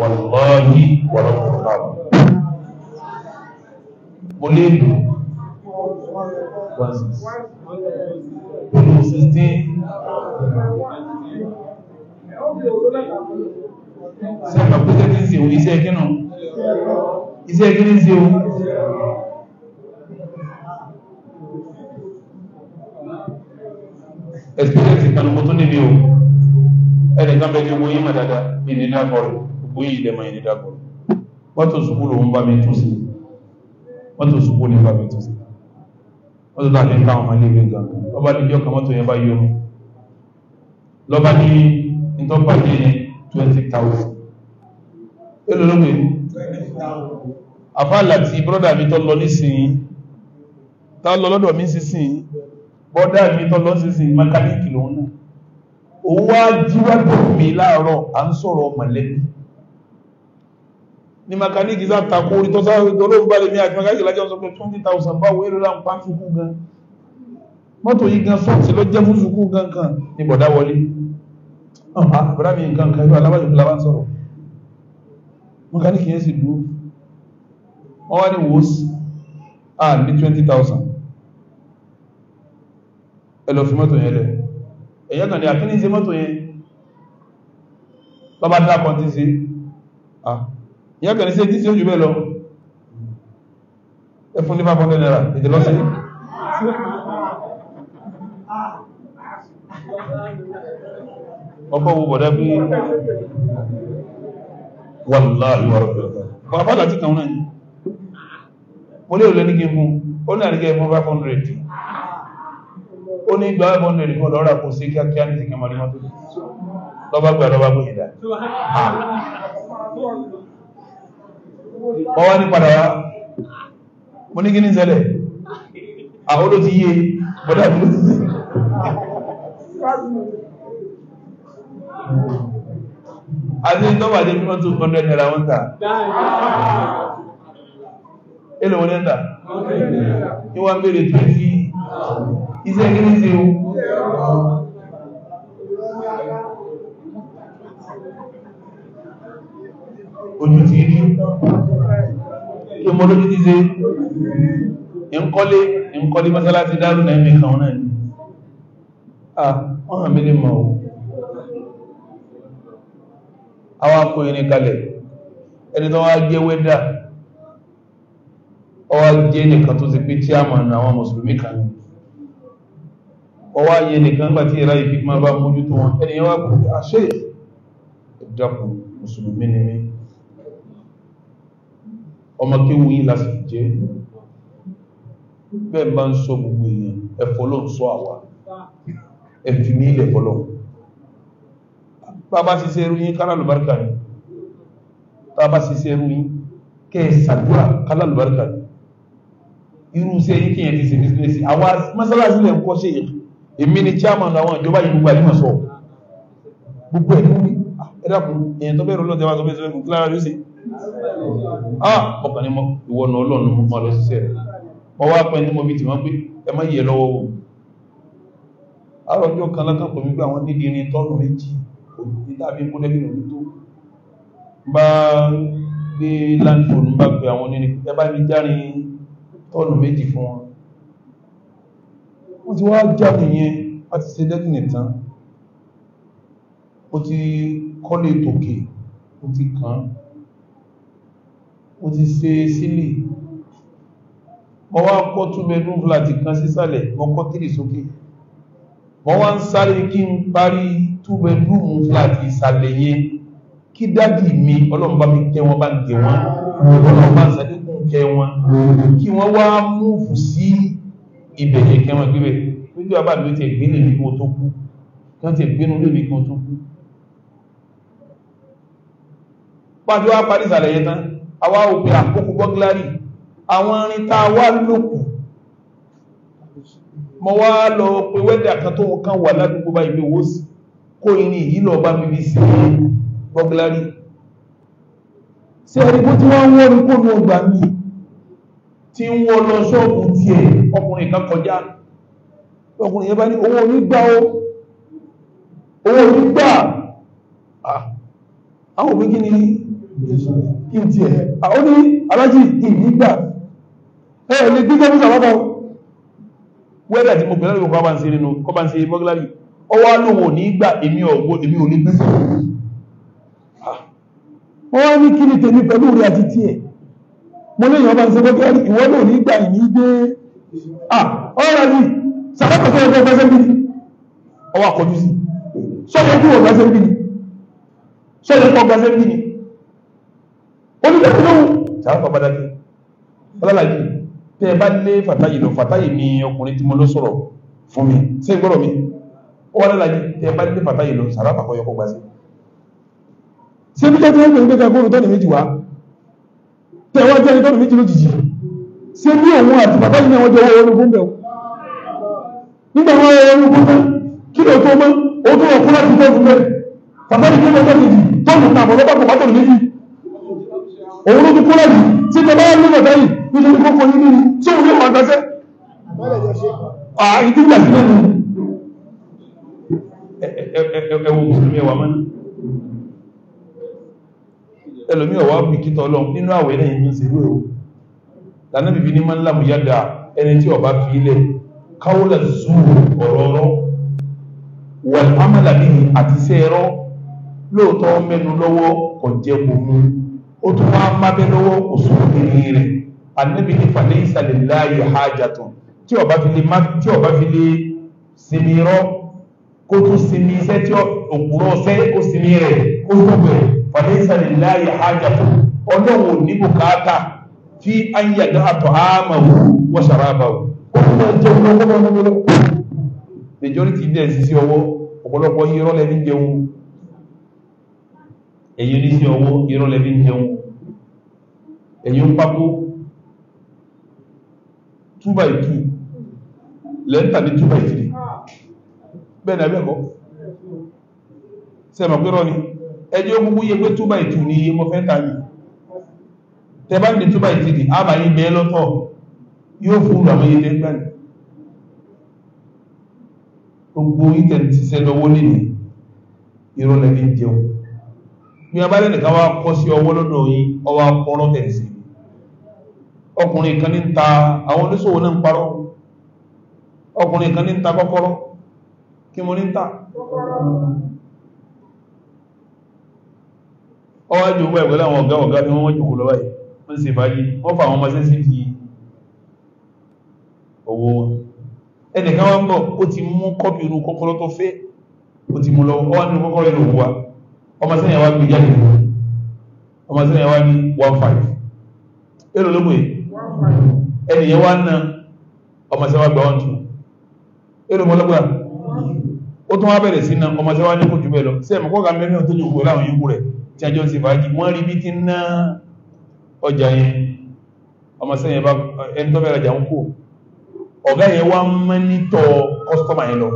wàlọ́ọ̀yì wàlọ́ọ̀kọ̀ọ̀kọ̀ mo lè lò one six two sixteen sẹ́fà pẹ́sẹ́ kí ń se òun iṣẹ́ kínú iṣẹ́ kí ń se òun experience tún níbi o ẹnìkan bẹ ní owó yín mà dáadáa mi ní dábọ̀rù gbogbo yìí lẹ́mọ̀ yìí ní dábọ̀rù wọ́n tó sùkú lòun bá mi tún sí wọ́n tó sùkú ní bá mi tún sí wọ́n tó láti káwọn ọmọ ilé ìwé gan ọba níbi ọkàn mọ́tò yẹn bá yọ 20,000 elólógbé àfáàlà tí brọ́dà mi tọ́ lọ nísìnyí tá lọ lọ́dọ̀ mi sísìn brọ́dà mi tọ́ lọ sísìn makaniki lòun náà òun wá jíwájú mi láàárọ̀ à ń sọ̀rọ̀ mọ̀lẹ́bí ni makaniki sá takò orí tọ́sá olóògbé balẹ̀ mi àti makaniki lájọ́ sọ pé twenty thousand báwo èrò là ń pa sukú gan mọ́tò yìí gan sọ́ọ̀tì lọ jẹ́ fún sukú gan kan ni bọ̀dá wọlé ọ̀hún wọ́n kàrí kìí sí dúó wọ́n wá ní wòsí à ní 20,000 ẹlọ fi mọ́tò yẹn lẹ̀ ẹ̀yẹ́ kan ní àkíní sí mọ́tò yẹn lọ́bá dá kan tí sí à ìyẹ́ kan ní sí tí sí ojú bẹ́ẹ̀ lọ ẹ fún ní 500 naira ìdílọ́sí ọkọ̀ wo bọ̀dá bí wàláhì wà rọ̀bẹ̀ bàbá láti kan náà ni mo lè lẹ́ni kí n fún ó ní àríkẹ́ fún 500 ó ní ìgbà 500 fún lọ́rà kò sí kíákíá ní ìsìnkà marí mọ́tò lọ́bá gbà lọ́bá gbé ìdá ọ wá ní padà wá mo ní kí ní ṣẹlẹ̀ àwọn olóti yé bọ́dá ìlú àti ìtọ́wà ní kí wọ́n tún hundred naira wọ́n tà èlò wọn lẹ́tà kí wọ́n bèèrè twenty iṣẹ́ kí ní ṣe o ojú ti rí kí o mọ́ lójú ti ṣe ìkọ́lé ìkọ́lé mọ́sálásí dárú náà ẹ̀mí kan náà ni ah wọ́n hàn mí lè mọ̀ ọ́ àwọn akọ irin kalẹ̀ ẹni tó wá jẹ́ wẹ́dà ọwá jẹ́ nìkan tó ti pé tí a mọ̀ ní àwọn mùsùlùmí kan ní ọwá yẹ nìkan gbà tí ìrá ìbí máa bá mójú tó wọn ẹni wá kò àṣẹ ìdàpọ̀ mùsùlùmí ni mí ọmọ kéwù yìí lásìkò jẹ́ bẹ́ẹ̀ bá ń sọ gbogbo èèyàn ẹ̀fọ́ ló sọ àwa ẹ̀fì ní bàbá sì ṣe ròyìn kálàlùbáríkà ni bàbá sì ṣe ròyìn kẹ́ ṣàdúrà kálàlùbáríkà ni irú sí ẹyí kíyàn ti ṣe bísínẹ́sì àwọn mọ́sálásí lè ń kọ́ ṣe èmi ni chairman àwọn ìjọba yìí gbogbo àyíkà sọ gbogbo ẹ̀kú ni ẹ̀dàkùn ah, èèyàn tó bẹ̀rù lọ́tẹ̀ bá sọ bẹ́ẹ̀ sọ kílára ah ọkàn ni mo ìwọ náà ọlọ́run mo máa lọ ṣiṣẹ́ rẹ̀ mo wá pẹ́ ní mo bí tìmọ́ pé ẹ má yẹ lọ́wọ́ wò àròjọ kan lákàpọ̀ mi pé àwọn nídìí ní tọ́ọ̀nù méjì tàbí múlẹ́gbìn òní tó bá gbé landfone bá pẹ àwọn nínú ẹbá ní járin tọ́nù méjì fún wọn wọ́n ti wá jáde yẹn a ti ṣe dẹ́gbìn ìtàn ó ti kọ́lé tòkè ó ti kàn ó ti ṣe sílì mo wá kọ́ two bedroom flat kan sísàlẹ̀ mo kọ́ three sókè mo wá ń sáré kí n parí two bedroom flat ìsàlẹ̀ yẹn kí dádì mi ọlọ́run bá mi kẹ́ wọn bá ń gẹ̀ wọn ọlọ́run bá ń sàdékùn kẹ́ wọn kí wọ́n wá múùfù sí ibẹ̀ yẹn kẹ́ wọn gbébẹ̀ wípé bàbá mi ti gbé lèmi kó tó kú kí wọ́n gbé nu lèmi kó tó kú. pàdé wa parí ìsàlẹ̀ yẹn tán àwa ò pe àkókò bọ́gílárì àwọn irin tá a wá lókù mo wá lọ pe wẹ́dà kan tó kan wà ládùúgbò báyìí pé wó sí kó irin yìí lọ bá mi fi ṣe bọ́gílárì ṣé ẹni bó ti wọ́n wọ́n kó nu ọgbà mi tí ń wọ́n lọ ṣọ́ọ̀bù tiẹ̀ ọkùnrin kan kọjá ọkùnrin yẹn bá ní owó onígbà ó owó onígbà àwọn òbí kí ni kí n tiẹ̀ àwọn ní alájì ìgbà ẹ̀ lè gbígbẹ́ bí sàwọ́kọ̀ wẹ́dà tí mo pè ó wá lóhun ní gbà èmi ọ̀gbọ́ èmi ò ní gbẹ́sẹ̀ wọ́n ah. wá ní kí ni tèmi pẹ̀lú rẹ̀ àti tiẹ̀ mo lè yàn bá ń ṣe bọ́kẹ́ ìwọ́n lò ní gbà ìní gbé ọ̀rọ̀ ah, ni sàbẹ̀kọ̀ tó ọjọ́ fẹ́sẹ̀ bí ọwọ́ àkọjú sí sọ́yẹ́ kí wọ́n gbẹ́sẹ̀ bí ni sọ́yẹ́ kọ́ gbẹ́sẹ̀ bí ni onígbẹ́sẹ̀ lóhun sàbẹ̀kọ̀ bá dájú ọlọ́làjì tẹ́ ẹ bá lé fàtáyì lọ fàtáyì ni ọkùnrin tí mo lọ sọ̀rọ̀ fún mi sí gbọ́dọ̀ mi ó wà lọ́la yìí tẹ bá dé fàtà yìí lọ sàrà àpapọ̀ yọkọ̀ gbà sí. ṣé bí tẹ́tí wọ́n gbé kẹ́kọ̀ọ́ tọ́nì méjì wá tẹ wá jẹ́ni tọ́nì méjì lójijì ṣé bí òun àti fàtà yìí náà wọ́n jọ wọ́n wọ́n fún bẹ́ẹ̀ o. nígbà wọn wọ́n wọ́n fún bẹ́ẹ̀ kí ló tó mọ́ o tó wọ̀ fún láti tọ́ fún bẹ́ẹ̀ fàtà yìí náà wọ́n tọ́nì tààbọ̀ lọ́pàá kò bá tọ́nì méjì òun ló ti kó lẹ́yìn tí tẹ bá lọ́nà báyìí nítorí kókó yìí nínú tí òun ẹwọ mùsùlùmí ẹwà mọ́nà ẹlòmí ọ̀wà bìkítà ọlọ́run nínú àwẹ̀ lẹ́yìn ní ìṣèlú ẹ̀wọ̀ lànà bìbí ní máa ń làmú yàdà ẹni tí ọba fi ilẹ̀ káwọ́lá zuu ọ̀rọ̀ọ̀rọ̀ wọ̀n amálàbí àti iṣẹ́ ẹ̀rọ lóòótọ́ mẹ́nu lọ́wọ́ kò jẹ́ kò mú ó tún wá mábẹ́ lọ́wọ́ kò sùn kiri rẹ̀ ànábì ní fàlẹ́ ìsàlẹ̀ láàyè hajjatun tí ọba fi lè sinmi rọ́ kó tún sinmi iṣẹ́ tí òkúrọ̀ ọ̀sẹ́ kó sinmi rẹ̀ kó gbogbo ẹ̀ fàdé ìsàlẹ̀ láàyè hajjatu ọlọ́run ò ní bùkátà fi ayàdá àtọ̀hámàwò wọ́n ṣàrábàwò majority dẹ̀ sísí ọwọ́ ọ̀pọ̀lọpọ̀ irọ́ lẹ́bí jẹun èyí ní sí ọwọ́ irọ́ lẹ́bí jẹun èyí ń pápó 2 by 2 lẹ́ntà ní 2 by 3 bẹ́ẹ̀nà ẹgbẹ́kọ́ sẹ́mọ̀ pẹ́rọ ni ẹjọ́ gbogbo yẹ pé túbà ìtù ní iye mọ́ fẹ́ta yìí tẹ́bá ní túbà ìtù ní àbà yìí bẹ́ẹ̀ lọ́tọ̀ yóò fún àwọn iye lẹ́gbà ní gbogbo ìtẹ̀ ti sẹ́ lọ́wọ́ nínú ìrọ̀lẹ́ ní jẹun ní abálẹ̀ nìkan wá kọ́ sí ta àwọn oníṣòwò ọkùnrin kan ní ń ta kọ́kọ́rọ́ kí mo ní tà ọwá jù gbẹ́ pẹ̀lú àwọn ọ̀gá ọ̀gá tí wọ́n jù lọ báyìí wọ́n sì fàájì wọ́n fà àwọn ọmọ sẹ́sì fi owó wọn ẹnìkan wọ́n bọ̀ ó ti mú kọ́pì irú kọ́kọ́rọ́ tó fẹ́ ó ti mú lọ ọwá nínú kọ́kọ́rọ́ irú wa ọmọ sẹ́yìn wa one five èrò ló pè ẹnìyẹn wa ná ọmọ sẹ́yìn wa gba one two èrò ó tún wá bẹ̀rẹ̀ sí ná ọmọ tí wá ní kò jù bẹ́ẹ̀ lọ sí ẹ̀mọ̀kọ́ ga mẹ́rin tó jòkó láwọn yòókù rẹ̀ tí a jọ sí fàájì wọ́n rí bí ti ná ọjà yẹn ọmọ sẹ́yìn bá ẹni tó bẹ̀rẹ̀ jà ń kó ọ̀gá yẹn wá mẹ́nítọ̀ kọ́sítọ́mà yẹn lọ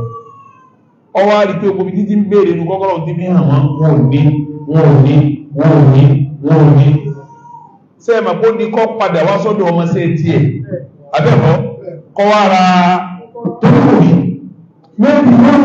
ọ wá rí pé omi títí ń béèrè nu kọ́kọ́rọ́ ti fi hàn wọ́n wọn ò ní wọn ò ní wọn ò ní wọn ò ní sí ẹ̀mọ̀kọ́ ní kọ́ padà wá sọ́dọ̀ ọmọ sẹ́yìn tiẹ̀ ra tó kù ní mẹ́rin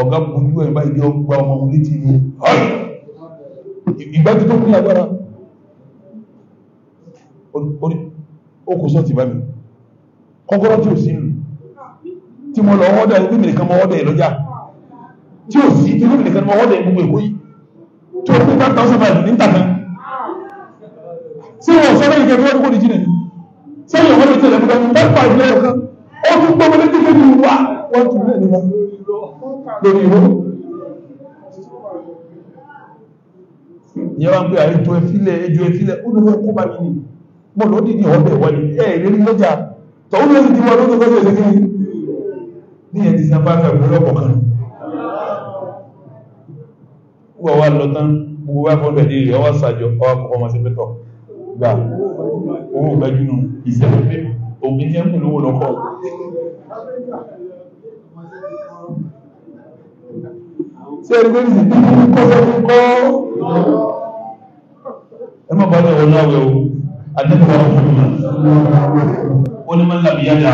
ọ̀gá bojú ẹ̀ báyìí yọ gba ọmọ òun létí ní ìgbájú tó kún lágbára ó kò sọ ti bá mi kọ́kọ́rọ́ tí ò sí nù tí mo lọ ọ́dà ìlú mi nìkan mọ́ ọ́dà ìlọ́jà tí ò sí ìlú mi nìkan mọ́ ọ́dà ìgbogbo èkó yìí tí ó fún one thousand five ní tàkà sí wọn sọ lẹ́yìn kẹfẹ́ ọdún kò ní jìnnà sẹ́yìn ọmọdé tẹ̀lé mọ́ta ní bá pàdé ọ̀kan ó tún gbọ́mọdé mi wá wọ́n jù náà níwá lórí ìwọ́ ìyẹn wá ń pè àìjọ ẹfílẹ̀ ẹjọ ẹfílẹ̀ ó lówó ẹkọ́ bá mi ní mọ́ ló dìdí ọ̀bẹ̀ wọlé ẹ̀ ìrírí lọ́jà tọ́wọ́ lórí ìdíwọ́ lórí lọ́jọ́ ìlẹ́gbẹ̀ẹ́ ní ẹ̀ ti sábà fẹ́ ìwé lọ́pọ̀ kan wọ́n wá lọ tán gbogbo wá fọ́n bẹ̀rẹ̀ rẹ̀ ọwọ́ sàjọ ọwọ́ kọ̀kọ́ ma ṣe pẹ́tọ̀ gbà owó gbẹ́júnù ìṣẹ̀lẹ̀ pé ògùn jẹ́ ń pè lówó lọ́kọ̀ọ́ ṣé ẹni bẹ́ẹ̀ sì bí kọ́sẹ́ fún kọ́. ẹ má bàa dọ̀wọ́ náà wẹ̀ o adébọ̀wá fún mi ó ní má làbíyàdà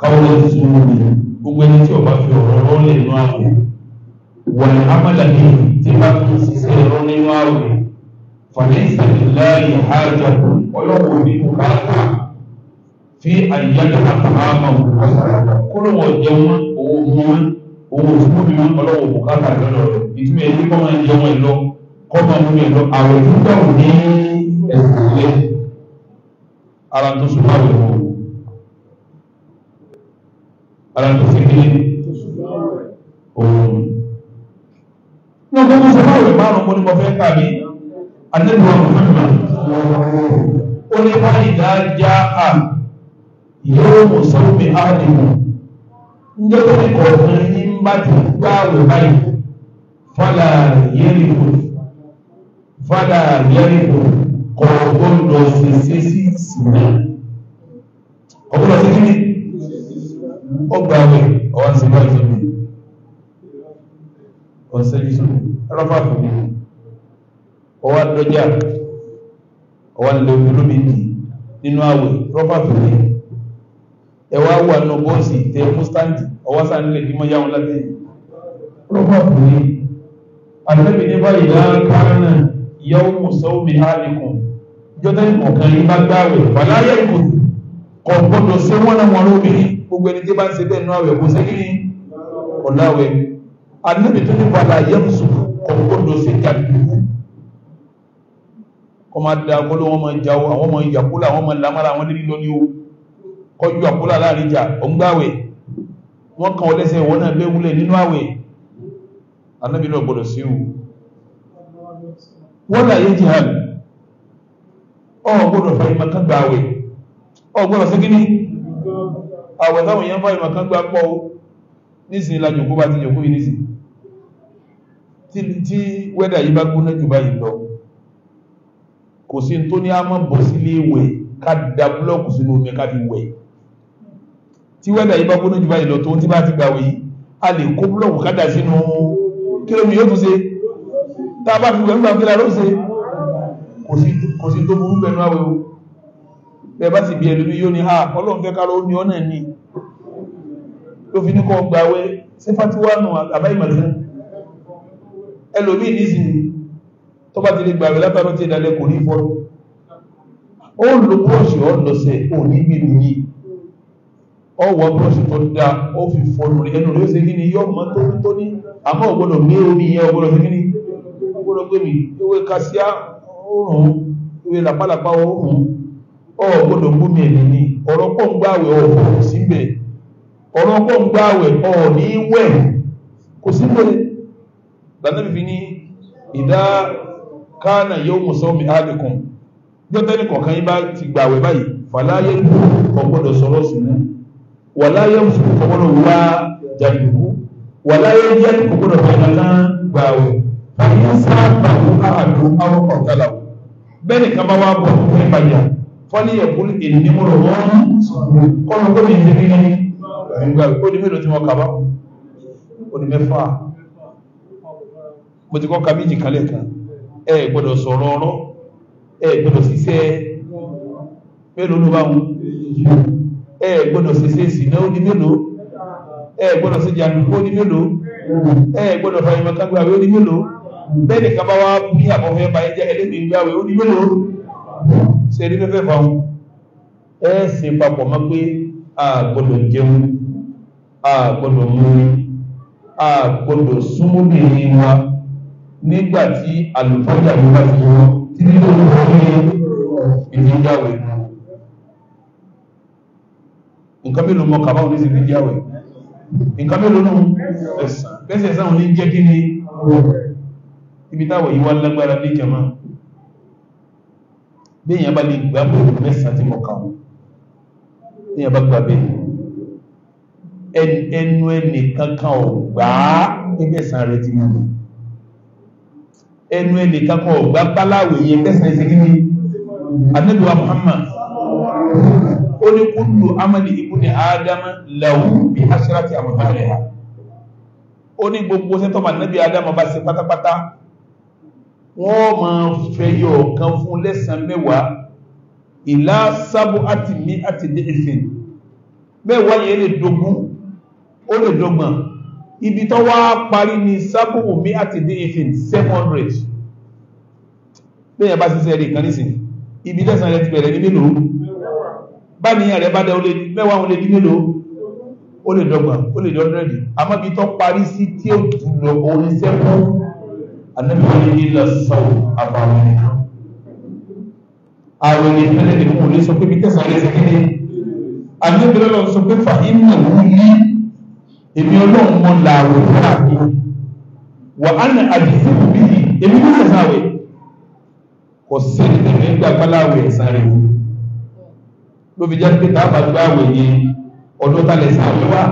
káwọn lè ti sùn lórí gbogbo ẹni tí ọba fi ọ̀rọ̀ rọ́ lè nú àpò wọ̀n amálà ní tí bá fi ṣiṣẹ́ rọ́ nínú àwẹ̀ fàlẹ́sà láàyè hájà ọlọ́wọ́ ní bùkátà fi àyíyá dàgbà àmà òkú kọ́sàrà kó ló wọ̀ jẹun owó mọ́ owó òfúrú ni wọn ọlọ́wọ́ kò ká kàdé lọ ìtumọ̀ ẹni kọ́ máa ń jẹ wọn lọ kọ́ máa ń múlẹ̀ lọ àwọn ìdúgbà ò ní ẹ̀sìn ilé ara tó sùn máa wẹ̀ wọ́n ara tó fi kí òun. ní ọjọ́ tó sọ máa wẹ̀ márùn-ún kó ní mo fẹ́ kà mí àdébùwà kò mi ó ní báyìí dáa já a yóò mú sọ́wọ́ mi á dìbò ń jẹ́ kó ní kọ̀ọ̀kan yín bá ti gbá àwẹ̀ báyìí fọ́lá yẹ́rìkò fọ́lá yẹ́rìkò kọ̀ ó lọ sí sí sí ìsinmi ọgbọ́n sí kíni ó gba àwẹ̀ ọwọ́ sí bá ìsinmi ọ̀sẹ̀ ìsinmi rọ́fà kò ní ọwọ́ lọ́jà ọwọ́ lọ́wọ́ lómi nínú àwẹ̀ rọ́fà kò ní ẹwà wà nù bọ́ọ̀sì tẹ mustandi ọwọ́ sáré lè bímọ yáwọn láti rọ́bà fún yìí àtẹ́bí ní báyìí lára káránà yóò mú sọ́wọ́ mi hálìkùn jọ́tẹ́ ọ̀kan yìí bá gbáwẹ̀ wàláyé ìkùn kọ̀ gbọ́dọ̀ sí wọ́n náà wọn lóbìnrin gbogbo ẹni tí bá ń ṣe bẹ́ẹ̀ náà rẹ̀ kò sí kí ọ̀làwẹ̀ àtẹ́bí tó ní padà yẹ́mú sùn kọ̀ sí jàdùkú kọ́ máa gbọ́dọ̀ wọn máa jáwọ́ àwọn ọmọ ìyàkúlà àwọn ọmọ ìlàmára àwọn lílọ ní o kọjú àkúlà láàrin ìjà òǹgbàwẹ̀ wọ́n kan ọlẹ́sẹ̀ ìwọ̀n náà léwúlẹ̀ nínú àwẹ̀ anábì náà gbọ́dọ̀ sí ìwò wọ́n láyé jihad ọgbọ́dọ̀ fàyímakán gba àwẹ̀ ọgbọ́dọ̀ sí kíní àwẹ̀ táwọn èèyàn fàyímakán gba pọ̀ nísìn ìlàjò kó bá ti jẹ́ kúrò nísìn tí wẹ́dà yìí bá gbóná jù báyìí lọ kò sí tó ní a mọ́ bọ̀ sílé ìwẹ̀ ká da búlọ́ọ̀kù sínú omi ká fi wẹ̀ tí wẹ́dà yìí bá gbóná jù báyìí lọ tó ń tí bá ti gbà wòye a lè kó búlọ̀kù kádà sínú kílómi yóò tún ṣe tá a bá fi wẹ̀ ń gbà kí la ló ṣe kò sí tó burú pẹ̀lú àwẹ̀ o bẹ́ẹ̀ bá sì bí ẹlòmí yóò ní ha ọlọ́run fẹ́ káró ní ọ́nà ní ló fi ní kọ́ gbà wẹ́ sífàtí wà nù àbá ìmọ̀lẹ́ ẹlòmí ní sì tó bá ti lè gbà wẹ́ látàrọ́ ti dalẹ̀ kò ní fọ́ ó lò bọ́ọ̀ṣì ọ̀ lọ́sẹ̀ ò ní gbìyànjú ọwọ bọ́ọ̀ṣù tó dá ó fi fọ́nù rẹ̀ ẹnu rẹ̀ ó ṣe kí ni yọ́ tó ní omi yẹn ṣe kí ni ògbọ́dọ̀ pé mi ewé kásíá ewé làpálàpá ni ọ̀rọ̀ pọ̀ ń gbáwẹ̀ ọ̀họ̀ síbẹ̀ ọ̀rọ̀ pọ̀ ń gbáwẹ̀ ọ̀ ní wẹ̀ kò síbẹ̀ lànàbí fi ìdá kánà yóò mú sọ́mi áàdìkùn jọ́tẹ́nì kọ̀ọ̀kan yín bá ti báyìí fàlàyé wàlá yẹn fún ọgbọ́dọ̀ wá jàdùkú wàlá yẹn jẹ́ ọgbọ́dọ̀ fàyàlá gbàwé fàyà sábà wù áàdùn àwọn ọ̀gálà wù bẹ́ẹ̀ ni kaba wà bọ̀ fún ìbàyà fọ́lì ẹ̀kún èdè ní mọ́rọ̀ wọ́n kọ́nà kó mi débi ní ìgbà ó di mélòó tí wọ́n kaba ó di mẹ́fà mo ti kọ́ ka méjì kalẹ̀ kan ẹ gbọ́dọ̀ sọ̀rọ̀ ọ̀rọ̀ ẹ gbọ́dọ̀ ṣiṣẹ́ mélòó ló bá wù ẹ gbọ́dọ̀ ṣe ṣe ìsìnà ó ní mélòó ẹ gbọ́dọ̀ ṣe jàǹdùkú ó ní mélòó ẹ gbọ́dọ̀ fa ìmọ̀ kágbé àwẹ̀ ó ní mélòó bẹ́ẹ̀ ni kaba wa bí àwọn fẹ́ bá ẹjẹ́ ẹlẹ́gbẹ̀ẹ́ ìgbà àwẹ̀ ó ní mélòó ṣe ní fẹ́fẹ́ fa wọn ẹ ṣe papọ̀ mọ́ pé a gbọ́dọ̀ jẹun a gbọ́dọ̀ múni a gbọ́dọ̀ súnmọ́bìnrin wa nígbà tí àlùfáàjà mi bá ti wọ́n títí tó ń bọ́ ní ìdíjáwé náà nǹkan mélòó mọ kàbáwọn ní ìsinmi díàwẹ nǹkan mélòó nù ẹsẹ sáwọn ní jẹ kí ni ibi táwọn yìí wá lágbára ní jama bí èèyàn bá lè gbà bò mẹ́sàn-án tí mo kà wọn bí èèyàn bá gbà bẹ́ẹ̀ ẹnu ẹnì kankan ò gbà á ní mẹ́sàn-án rẹ ti mú mi ẹnu ẹnì kankan ò gbà báláwò yẹn mẹ́sàn-án ṣe Muhammad ó ní kúlù amali ibni ádámà lahu bí aṣírati àmọ̀tálẹ̀ ha ó ní gbogbo sẹ́tọ́ mà nábì ádámà bá ṣe pátápátá wọ́n máa fẹyọ kan fún lẹ́sàn-án mẹ́wàá ìlà sábò àti mí àti dé ìsìn mẹ́wàá yẹn lè dogun ó lè dọ́gbọ̀n ibi tó wá parí ní sábò omi àti dé ìfìn 700 bẹ́yàn bá ṣiṣẹ́ rí kan nísìn ibi lẹ́sàn rẹ̀ ti bẹ̀rẹ̀ ní mélòó bá ní ẹ̀rẹ́ bá dá ó lé ní mẹ́wàá ó lé ní mélòó ó lè dọ́gbọ̀n ó lè dọ́ndẹ̀rẹ̀dì àmọ́ bí tó parí sí tí ó jù lọ orin sẹ́kù anábì ó lé ní lọ́sọ̀ọ́ àbáwọn nìkan àwọn ènìyàn tẹ́lẹ̀ ní kò lè sọ pé bí tẹ̀sán lè sẹ́kì ní anábì lọ́lọ́ sọ pé fà ìmọ̀ wù ní èmi ọlọ́run mọ làwẹ̀ fún àbí wà á nà àdìsí bíi èmi ní sẹ̀sán àwẹ̀ kò sẹ́ni tẹ̀lé ló fi jẹ́ pé tàbá gbá àwẹ̀ yìí ọdún tàlẹ̀ sí àwẹ̀ wá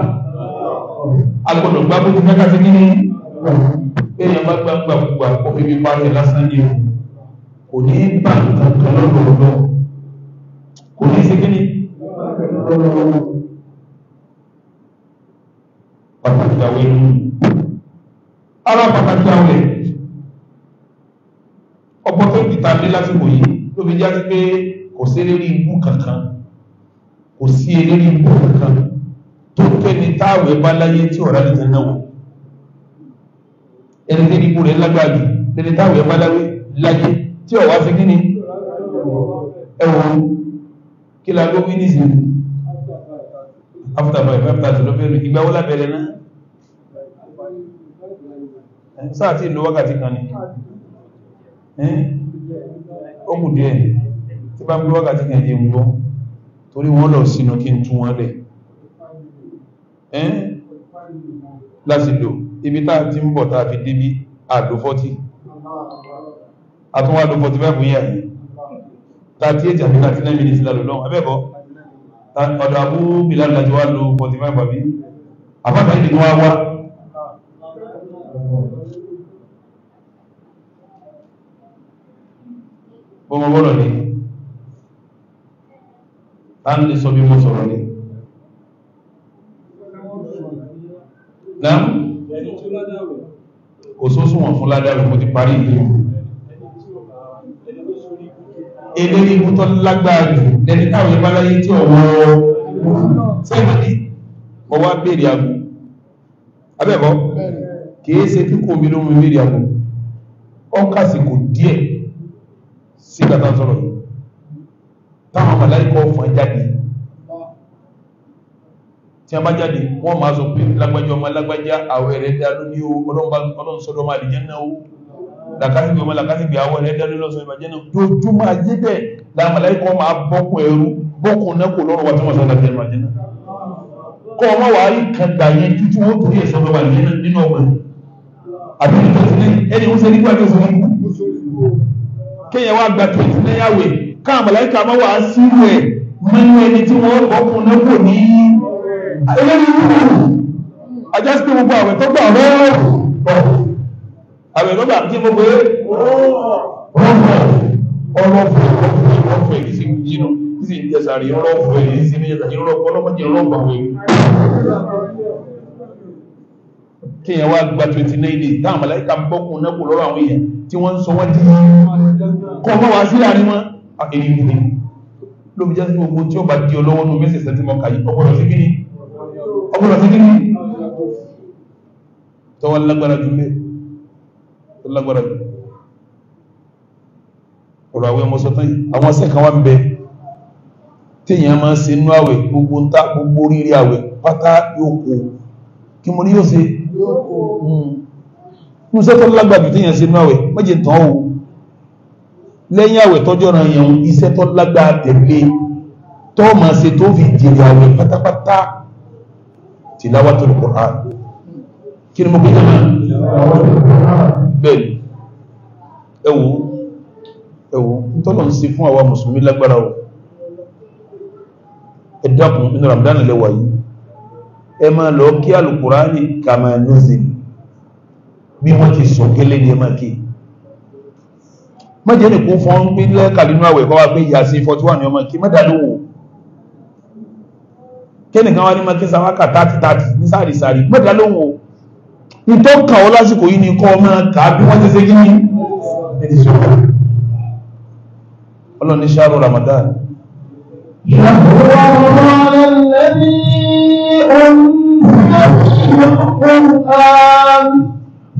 agbọ́dọ̀ gbá bó ti fẹ́ ká sí kí ni èèyàn bá gbá gbà gbà kó fi fi parí lásán ni kò ní bá nǹkan kan lọ́dọ̀ ọ̀dọ̀ kò ní sí kí ni pàtàkì àwẹ̀ yìí ara pàtàkì àwẹ̀ ọ̀pọ̀ tó ń kìtà lé lásìkò yìí ló jẹ́ pé kò sí lérí ibú kankan kò sí eléré ibú kankan tó kẹ́ni táwẹ̀ bá láyé tí ọ̀rá lè tẹ̀lé wọn ẹni tí ibú rẹ̀ lágbàájú lẹni táwẹ̀ bá láyé tí ọ̀wá fi kí ni ẹ̀wọ̀n kí la ló wí nìyí after five after two ló fẹ́ ìgbà wọ́n lábẹ̀rẹ̀ náà sáà tí ìlú wákàtí kan ni ó kù díẹ̀ tí bá ń gbé wákàtí kan jẹun gbọ́n torí wọ́n lọ sínú kí n tún wọ́n lẹ̀ ẹ́n lásìlò ibi táà ti ń bọ̀ táà fi débí àdó 40 àtúnwà àdó 45 yẹ́ àyè tàbí èjì àbí 39 minutes lálò lọ́wọ́ abẹ́bọ̀ ọ̀dọ̀ àbú Bilal láti wá lo 45 àbí àbáta ìdí wá wá ọmọ bọ́lọ̀ ni láti lè sọ bí mo sọ̀rọ̀ ní náà kò sósùn wọn fún ládàrí mo ti parí ìlú eléyìí mú tọ́ lágbára jù lẹ́ni táwọn ẹgbẹ́ láyé tí ọ̀wọ́ sẹ́gbẹ̀dì mo wá béèrè àgbò abẹ́bọ́ kìí ṣe kíkò mi ló mú béèrè àgbò ọkà sì kò díẹ̀ sí kàtà sọ̀rọ̀ yìí táwọn màláíkà fún jáde tí a bá jáde wọ́n máa sọ pé lágbájá ọmọ lágbájá àwẹ̀ rẹ̀ dá lórí o ọlọ́run sọ́dọ̀ máa dìjẹ́ náà o làkàtìgbè ọmọ làkàtìgbè àwọ̀ rẹ̀ dá lórí lọ́sọ̀ ìbàjẹ́ náà dojúmọ́ ayé bẹ́ẹ̀ láwọn màláíkà máa bọ́kùn ẹrú bọ́kùn náà kò lọ́rọ̀ wa tí wọ́n sọ láti ìbàjẹ́ náà kọ́ ọmọ wàá rí kan gbà yẹn títí wọ́n torí ẹ̀ sọ́dọ̀ ìbàjẹ́ náà nínú ọgbà àbí ẹni wọ́n ṣe nígbà tó ṣe kéèyàn wá gba twenty káàmàlẹ́kà máa wà sírù ẹ̀ mẹ́nu ẹni tí wọ́n bọ́kùn náà kò ní ẹlẹ́ni rúrù ajásí pé gbogbo àwẹ̀ tó gbà rọ́rùn àwẹ̀ lọ́gbà tí mo gbé ọ̀rọ̀ fún ọ̀rọ̀ fún èyí sí jìnà tí sì ń jẹ sàárì ọ̀rọ̀ fún èyí sí ní jẹta ìrọ̀ pọ̀ lọ́pọ̀jì ọ̀rọ̀ pọ̀ wẹ̀ kí ẹ wá gba 29 days táwọn màláíkà bọ́kùn náà kò lọ́rọ̀ àwọn èèyàn tí wọ́n ń sọ wọ́n di kọ́ mọ́ wá sí àárín wọn Ah, èyí ni ló fi jẹ́ sí gbogbo tí ó bá di olówó ní mẹ́sẹ̀ sẹ́tí mọ́ka yìí ọgbọ́dọ̀ sí kíni ọgbọ́dọ̀ sí kíni tọ́wọ́ lágbára jù lé tó lágbára jù ọ̀rọ̀ àwẹ̀ ọmọ sọ́tọ́ yìí àwọn sẹ́kàn wà ń bẹ téèyàn máa ń ṣe inú àwẹ̀ gbogbo ń ta gbogbo oríire àwẹ̀ pátá yóò kó kí mo ní yóò ṣe yóò kó nínú hmm. sẹ́tọ́ lágbàdù téèyàn ṣe inú àwẹ̀ méje tán òun lẹ́yìn àwẹ̀ tọ́jọ́ ra yẹn iṣẹ́ tó lágbára tẹ̀lé tó ma ṣe tó fi jèrè àwẹ̀ pátápátá tilawatul Qur'an kí ni mo gbé jẹ́ bẹ́ẹ̀ ẹwù ẹwù tọ́lọ̀ ń ṣe fún àwa mùsùlùmí lágbára o ẹ dákun inú Ramadan lẹ́wà yìí ẹ máa lọ kí al-Qur'ani kama nazil bí wọ́n ti sọ gẹ́lẹ́ ní ẹ máa kéè mọ́jẹ́ nìkún fún ọ́n pín lẹ́kàlínú àwẹ̀ kọ́wà pé ìyà sí 41 ni ọmọ kí mọ́dà lówó kẹ́nìkan wá ní mọ́ kí sàwákà 30-30 ní sáàrìsáàrì mọ́dà lówó ní tó kàn ó lásìkò yìí ni kọ́ ọmọ kà bí wọ́n ti ṣe kí ní ọlọ́ni ṣàrò Ramadan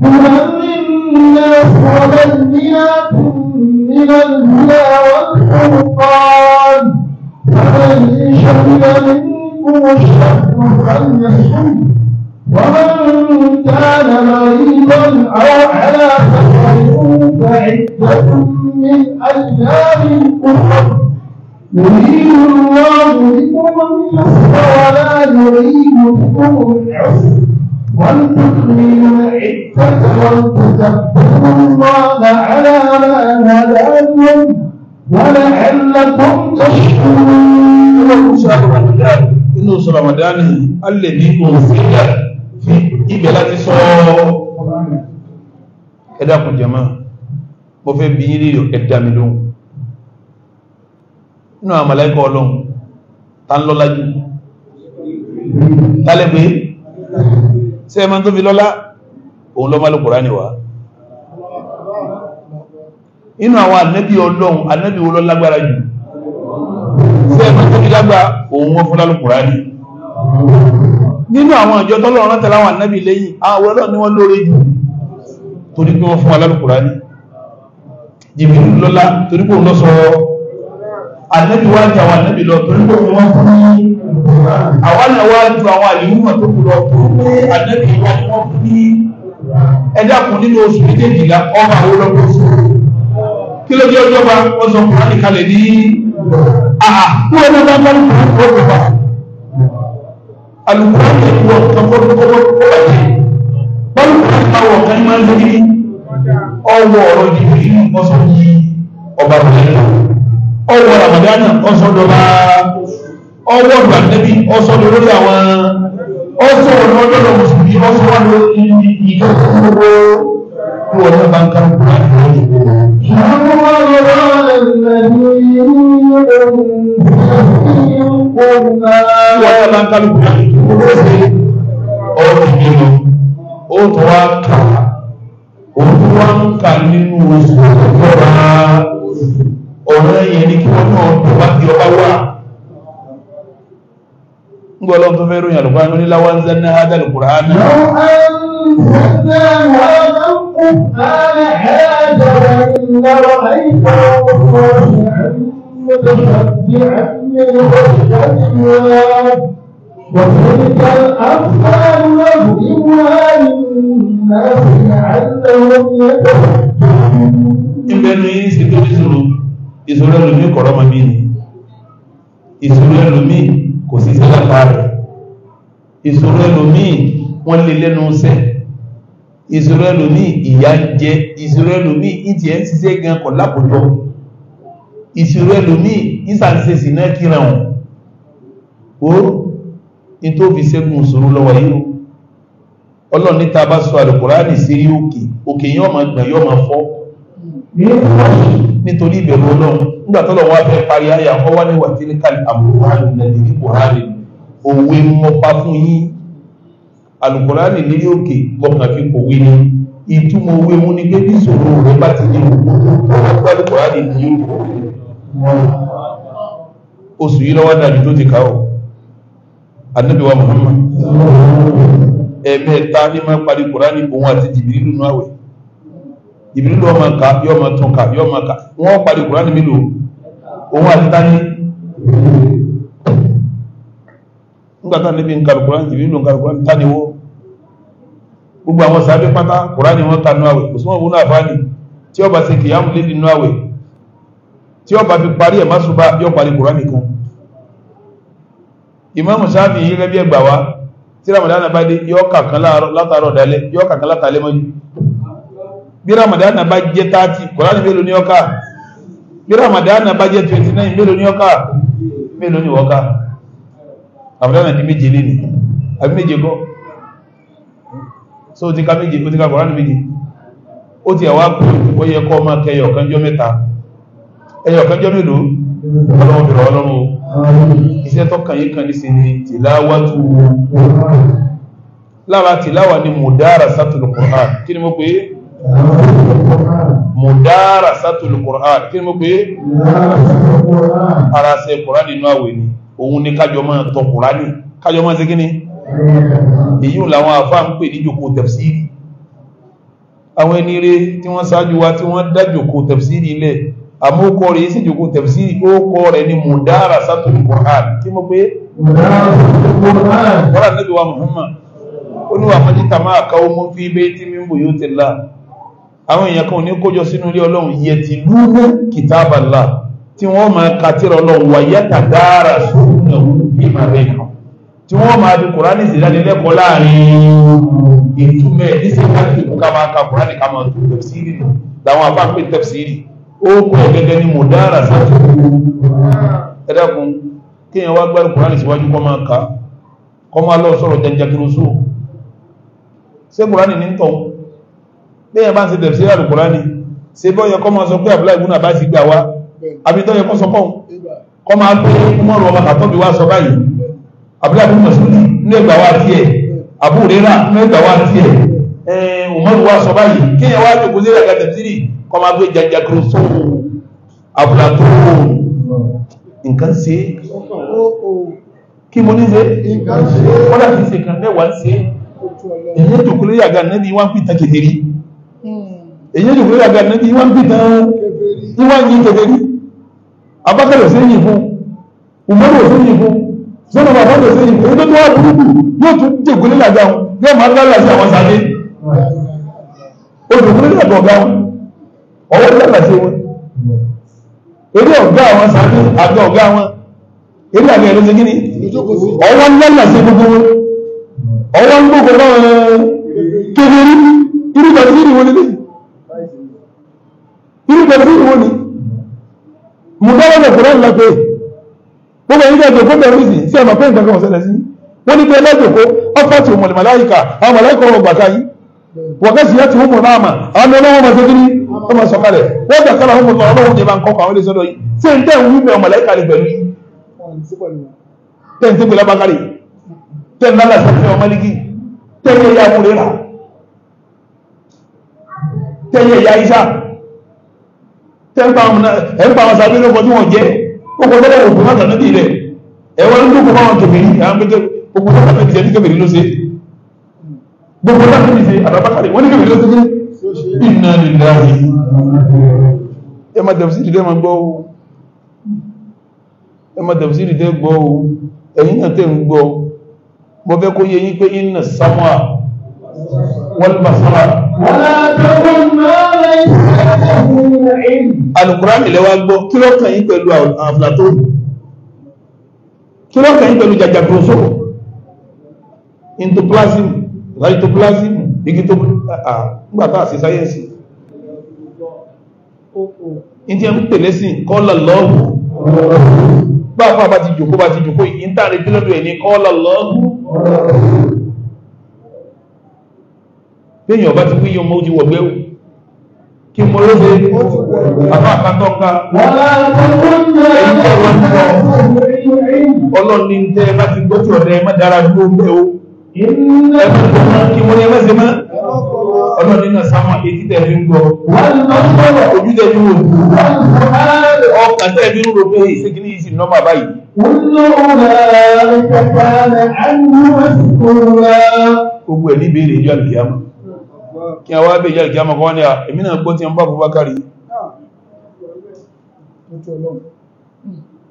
من الناس والذين من الهدى والفرقان فمن شهد منكم الشهر فليصم ومن كان مريضا او على سفر فعده من ايام اخرى يريد الله بكم النصر ولا يريد بكم العسر ولتكملوا العدة ولتكبروا الله على ما هداكم ولعلكم تشكرون inú oṣù ramadani a lè ní òfìdá fi ibẹ̀ láti sọ ẹ dákun jàmá mo fẹ́ bí yín nílò ẹ dá mi lóhùn nínú àmàlẹ́kọ̀ọ́ ọlọ́run ta ń lọ́lájú tálẹ́gbẹ̀ẹ́ sí ẹmọ tó fi lọ́lá òun lọ́mọ ló Kùránì wá inú àwọn ànábì ọlọ́run ànábì wo ló lágbára jù sí ẹmọ tó fi lágbá òun wọ́n fún lálù Kùránì nínú àwọn ìjọ tọ́lọ́run rántẹ̀ láwọn ànábì lẹ́yìn àwọn ọlọ́run ni wọ́n lóore jù torí pé wọ́n fún wa lálù Kùránì jìbìrì lọ́lá torí pé òun lọ ànábì wá ju àwọn ànábì lọ torí pé wọ́n fún ní àwọn náà wá ju àwọn àlìmọ̀ tó kù lọ torí pé ànábì wá ní wọ́n fún ní ẹ̀dá kùn nínú oṣù méjèèjìlá ọmọ àwọn olóko fún kí ló dé ọjọ́ bá wọ́n sọ kùn láti kalẹ̀ ní àkókò ẹ̀dá bá bá kùn kó kó bá alùpùpù àti ìwọ kọ́kọ́ kọ́kọ́ kó bàjẹ́ bọ́lù kọ́ ìpa wọ̀ kan máa ń lórí ọwọ́ ọ̀rọ̀ ìdìbò yìí wọ́n sọ ọba bàjẹ́ náà ọwọ́ ramadana ọsọdọba ọwọ́ ìgbàlẹ́bí ọsọdọ lórí àwọn ọsọ ọdọdọ mùsùlùmí ọsọ wà lórí ìgbà gbogbo tí wọn bá ń kárùkù láti wọn yìí. Wọ́n bá ń kálukú láti gbogbo ṣe ọ̀rọ̀ ìgbìmọ̀ ó tó wá kà ó tó wá ń kà nínú oṣù tó rà ọ̀rọ̀ yẹn ni kí wọ́n náà dùn wá bí ọba wà ń gbọ́ lọ́n tó fẹ́ ròyìn àlùkò àánú níláwá ń zẹ́ ní hádàlù kùrà ánà وتلك الأمثال نضربها للناس لعلهم يتفكرون. إذا ليس تجسر ìṣòro ẹlòmí kọ̀rọ̀ ọmọ bí ni ìṣòro ẹlòmí kò sí sí lápá rẹ̀ ìṣòro ẹlòmí wọ́n lè lẹ́nu sẹ̀ ìṣòro ẹlòmí ìyá ń jẹ ìṣòro ẹlòmí ìtì ẹ̀ ń ṣiṣẹ́ gan kọ̀ lápòjọ ìṣòro ẹlòmí ìsànṣe sí náà kíra wọn ó ní tó fi ṣẹ́gun ìṣòro lọ́wọ́ yìí ọlọ́run níta bá sọ àlùkùránì sí òkè òkè yóò máa gbọ̀n yóò máa fọ́ nítorí ìbẹ̀rù ọlọ́run nígbà tó lọ́wọ́ abẹ́ parí ayé àwọn wá ní wàtíríkàlì àbúrúhánì nàìjírí buhari òwe mọ́pá fún yín alùkùránì lérí òkè gbọ́kàn fi kò wí ni ìtumọ̀ òwe mú ní pé bí ìṣòro rẹ̀ bá ti ní gbogbo alùkùránì ní yóò oṣù yìí lọ́wọ́ dàbí tó ti káwọ̀ Ànábì wa Muhammad ẹ̀ẹ̀mẹ́ta ní máa parí kùránì òun àti jìbìrì nínú àwẹ̀ ìbínú ló ọmọ nǹka yóò máa tún ka yóò máa ka wọ́n parí kùránì mi lò òun àti tani nígbà tá níbi nǹka kùránì ìbínú nǹka kùránì tani wo gbogbo àwọn sàbẹ pátá kùránì wọn ka nú àwẹ̀ kò sí wọn wúlò àfáàní tí ọba ṣe kìyàmù lé nínú àwẹ̀ tí ọba fi parí ẹ̀ másùbà yóò parí kùránì kan ìmáàmù sáàbì yìí gẹ́gẹ́ bí ẹgbà wa tí ramadana bá dé yóò látàárọ̀ dalẹ́ yóò kà kan mọ́jú bí ramadan bá jẹ́ 30 kọ̀láàdì mélòó ní ọkà bí ramadan bá jẹ́ 29 mélòó ní ọkà mélòó ní ọkà ramadan di méje lẹ́nì àbí méje gọ́ so ti ka méje ó ti ka kọ̀láàdì méje ó ti ẹ̀wà kú ó yẹ kọ́ máa kẹyọ kanjọ́ mẹ́ta ẹyọ kanjọ́ mélòó ọlọ́run bẹ̀rẹ̀ ọlọ́run iṣẹ́ tọ́kàn yìí kan ní sí ni tìláwàtú lára tìláwà ni mùdára sátùlù kọ̀ọ̀án kí ni mo pè é mùdára sátòlù kùrán kí ni mo pé ara ṣe kùrán nínú àwẹ̀ ni òun ni kájọ máa tọ kùrán ní kájọ máa ṣe kí ni èyí làwọn àfá ń pè ní jòkó tẹ̀fsírì àwọn ẹni rẹ̀ tí wọ́n ṣáájú wa tí wọ́n dá jòkó tẹ̀fsírì lẹ̀ àmúkọ rẹ̀ sí jòkó tẹ̀fsírì ó kọ rẹ̀ ní mùdára sátòlù kùrán kí mo pé mùdára sátòlù kùrán wọ́n rà nẹ́bí wa Muhammad ó ní wà mọ́jíkà máa káwọ́ mú fi bẹ́ẹ̀ tí mímú yóò tẹ̀lá àwọn èèyàn kan ní kójọ sínú ilé ọlọ́run yẹ ti lúgbẹ́ kìtàbàlá tí wọ́n máa kàtírà ọlọ́run wà yẹ́ta dára sóhùn ẹ̀wù bí màá rẹ̀ kan tí wọ́n máa fi kùránì sí ìdánilẹ́kọ̀ọ́ láàrin ìtumẹ̀ níṣẹ́ káàkiri ká máa ka kùránì ká máa tó tẹ̀síìrì nù làwọn afá pé tẹ̀síìrì ó kọ́ ẹ̀ gẹ́gẹ́ ní mọ̀dára sáfù ẹ dákun kéèyàn wá gbárí kùránì síwájú kọ́ máa ka kọ́ máa lọ lẹ́yìn bá ń ṣe tẹ̀sí àlùkùránì ṣe bọ́ yẹ kọ́ máa sọ pé Abdullahi ibn Abbas gbà wá àbí tó yẹ kọ́ sọ pọ́n kọ́ máa pé mọ́rùn ọmọ kàtọ́bí wá sọ báyìí Abdullahi ibn Mas'ud ní ẹgbà wá tiẹ̀ Abu Hurairah ní ẹgbà wá tiẹ̀ Umaru wá sọ báyìí kéèyàn wá jòkó sí ẹ̀ka tẹ̀sí kọ́ máa gbé jàjàkúrò sóòwò àbùlàtò nǹkan ṣe kí mo ní ṣe kọ́dà kí ṣe kan mẹ́wàá ń pìtàn èyí ló gbé àgbà níbi wọ́n bí tán ìwọ́n yìí kékeré abákẹ́lẹ̀ sí yìí fún umaru sí yìí fún sọ́nà bàbá lè sí yìí fún ẹgbẹ́ tó wà burúkú yóò tún jẹ̀kú nílà jà wọn yóò máa lálà sí àwọn sáré olùkú nílà gọ̀ọ̀gá wọn ọwọ́ lálà sí wọn eré ọ̀gá àwọn sáré àti ọ̀gá wọn eré àgbẹ̀ ẹ̀rọ sí kíni ọwọ́ lálà sí gbogbo wọn ọwọ́ ń gbogbo náà kékeré irú ìgbà tí kí ni wọ́n lé lẹ́yìn irú pẹ̀lú ìwò ni mo dáwọ́ lè fúrọ́ ńlá pé gbogbo ẹ̀yìn dẹ́gbẹ̀ fún bẹ̀rù ìsìn sí ẹ̀mọ̀ pé nǹkan kan ṣẹlẹ̀ sí wọ́n ní pé ẹlẹ́gbẹ̀kó ọfà tí òmùlẹ̀ màláìkà àwọn màláìkà ọmọ gbàtà yìí wọ̀kẹ́sì yẹ́ tí ó mọ̀ náà mà àwọn ọlọ́wọ́ máa ṣe kíní wọ́n máa sọ̀kalẹ̀ wọ́n gbà kálà ọmọ náà ọlọ́wọ́ ní bá ń kọ́kọ́ àwọn iléeṣẹ́ lọ yìí sí ń tẹ́ ń wí mẹ́ màláìkà lè pẹ̀lú tẹ́ ń tẹ́gbẹ̀ lábákàrẹ̀ tẹ́ ń lálàṣẹ fún ọmọ lígì tẹ́ ń yẹ ya ẹ̀ńpa àwọn sàbí lóko tí wọ́n jẹ́ kókò tó lọ́wọ́ òkun láti ànábì rẹ̀ ẹ̀wọ́n ló dúkọ̀ fáwọn kèfèrí àwọn pété gbogbo tó kàfẹ́ tìjẹ́ ní kèfèrí ló ṣe gbogbo tó kàfẹ́ tìjẹ́ àbábákàlẹ̀ wọ́n ní kèfèrí ló ṣe kí iná lè dáhì ẹ má tẹ̀fù sí ìdílé máa gbọ́ o ẹ má tẹ̀fù sí ìdílé gbọ́ o ẹ̀yin náà tẹ̀ ń gbọ́ mo fẹ́ kó yẹ yín pé iná sámúà wal-basara. wàlá tẹ̀wọ́n máa ń rẹ̀ ṣẹ́yìn. alukurani lẹ́wà gbọ́ kí ló kàn yín pẹ̀lú àfúlàtò kí ló kàn yín pẹ̀lú jàjàgbọ́sọ intoplasm rhitoplasm igito ah, ah, nígbà tá a ṣe sáyẹ́ǹsì ìdí ẹ̀mú pèlé sí kọ́lá lọ́ọ̀hù bá a fún abá ti jòkó bá ti péyìn ọba ti wíyọ ọmọ ojú wọgbẹ́ o kí mo ló dé àbá àkátọ́ ká ọlọ́run ní tẹ́ ẹ bá ti gbọ́ tí ọ̀dẹ́ ẹ má dára dúró bẹ́ẹ̀ o ẹ má tó mọ́ kí wọ́n ní ẹ má ṣe mọ́ ọlọ́run nínú sáwọn etí tẹ́ fi ń gbọ́ ojú tẹ́ fi ń wò ọkàn tẹ́ fi ń rò pé ìṣèkínní yìí sì nọ́mà báyìí. gbogbo ẹ̀ ní ìbéèrè ìjọ àlùyàmọ̀ kí a wá bèèrè ìjá mọ̀kọ́ wọ́n ni à èmi náà gbọ́ tí ń bá Abubakari kí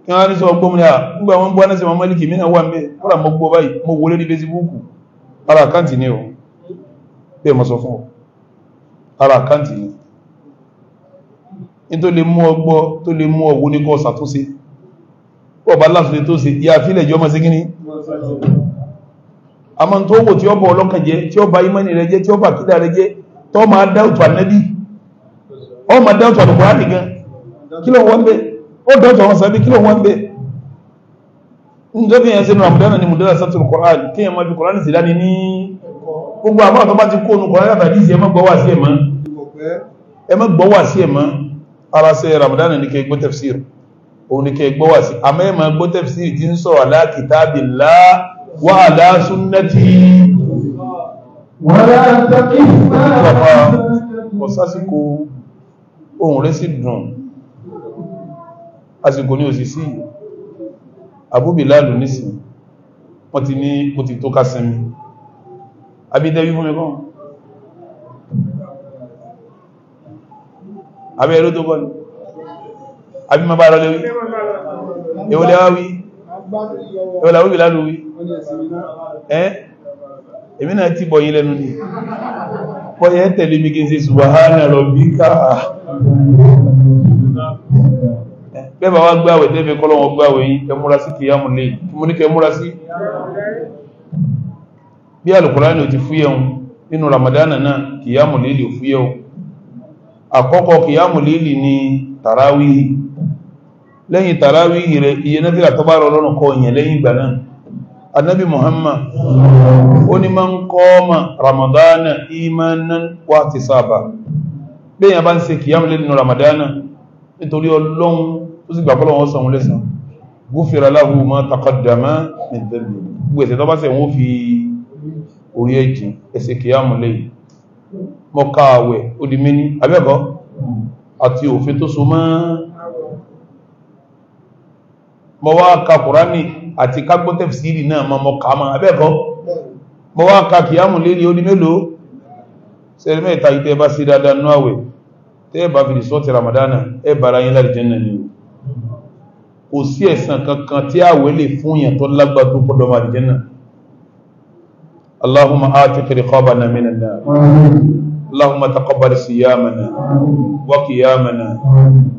wọ́n ní sọ ọgbọ́ mú ní à nígbà wọ́n gbọ́ anẹ́sẹ̀ mamaliki mi náà wà mẹ́ kọ́lá mọ́ gbọ́ báyìí mo wọlé ní fesibúùkù ara àkáǹtì ni o bẹ́ẹ̀ mọ́ sọ fún ọ ara àkáǹtì ni ní tó lè mú ọgbọ́ tó lè mú ọwọ́ ní kọ́ ṣàtúnṣe ọba láti ama n tó wò tí ó bọ̀ ọlọ́kàn jẹ́ tí ó bà ìmánì rẹ jẹ́ tí ó bà kídà rẹ jẹ́ tó máa dáùtù ànábì ó máa dáùtù àlùkùránì gan kí ló wọ́n bẹ́ẹ̀ ó dáùtù àwọn sàbí kí ló wọ́n bẹ́ẹ̀ yẹn ni mùdánà sátú kọ́ránì kí yẹn fi gbogbo àbá bá ti kó nu gbọ́ wá sí gbọ́ wá sí ramadana ni kẹ gbọ́ òun ni gbọ́ وعلى سنتي ولا تقف kò sásìkò ohùn rẹ̀ sì dùn àsìkò ní òsìsí àbúbìláàlù nísì wọ́n ti ní kò ti tó kásẹ̀mí àbídẹ́bí fún mi kàn àbẹ́ ẹ̀rọ tó kọ́ ni àbí ma bá rọ lẹ́wí ọ̀là wíwí lálúwí ẹ́ èmi náà ti bọ̀yí lẹ́nu ní pọ́yẹ́ tẹ̀lé mi kí n sí subhana rabbika bẹ́bà wá gbáwẹ̀ tẹ́fẹ́ kọ́lọ́wọ́ gbáwẹ̀ yí kẹmúra sí kìyàmù lè kí mo ní kẹmúra sí bí alùkùránì ò ti fúyẹun nínú ramadana náà kìyàmù lè lè fúyẹun àkọ́kọ́ kìyàmù lè lè ní tàráwíhì lẹ́yìn tàràwí rẹ̀ iye náfílà tó bá rọrùn kọ yẹn lẹ́yìn ìgbà náà annabi muhammad ó ní máa ń kọ́ ọmọ ramadana imanan wa ti sábà lẹ́yìn bá ń ṣe kìyàmù lè nínú ramadana nítorí ọlọ́run tó sì gbàgbọ́lọ́ wọn sọ̀rọ̀ lẹ́sàn gúfèrè aláhu ma òfin tó so máa mo wá ka kùránì àti kágbọ́ tẹ̀fìsìrì náà mọ́ mọ́ ká mọ́ abẹ́ẹ̀kọ́ mo wá ka kìyàmù lérí ó ní mélòó sẹ́rẹ́ mẹ́ta yìí tẹ́ bá sí dáadáa nú àwẹ̀ tẹ́ bá fi lè sọ́ọ̀tì ramadana ẹ bára yín láti jẹ́ nàní o kò sí ẹ̀sàn kankan tí àwẹ̀ lè fún yàn tó lágbà tó gbọ́dọ̀ máa jẹ́ náà Allahumma aati riqabana minan اللهم تقبل صيامنا وقيامنا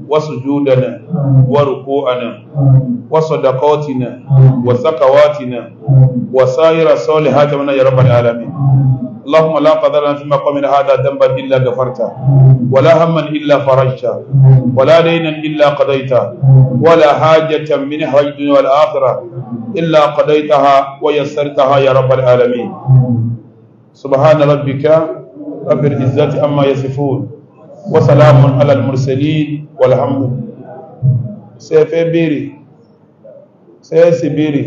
وسجودنا وركوعنا وصدقاتنا وزكواتنا وسائر الصالحات منا يا رب العالمين اللهم لا قدر لنا فيما قمنا هذا ذنبا الا غفرته ولا هما الا فرجته ولا دينا الا قضيته ولا حاجه من حوائج الدنيا والاخره الا قضيتها ويسرتها يا رب العالمين سبحان ربك رب العزة أما يصفون وسلام على المرسلين والحمد سيفي بيري سيسي بيري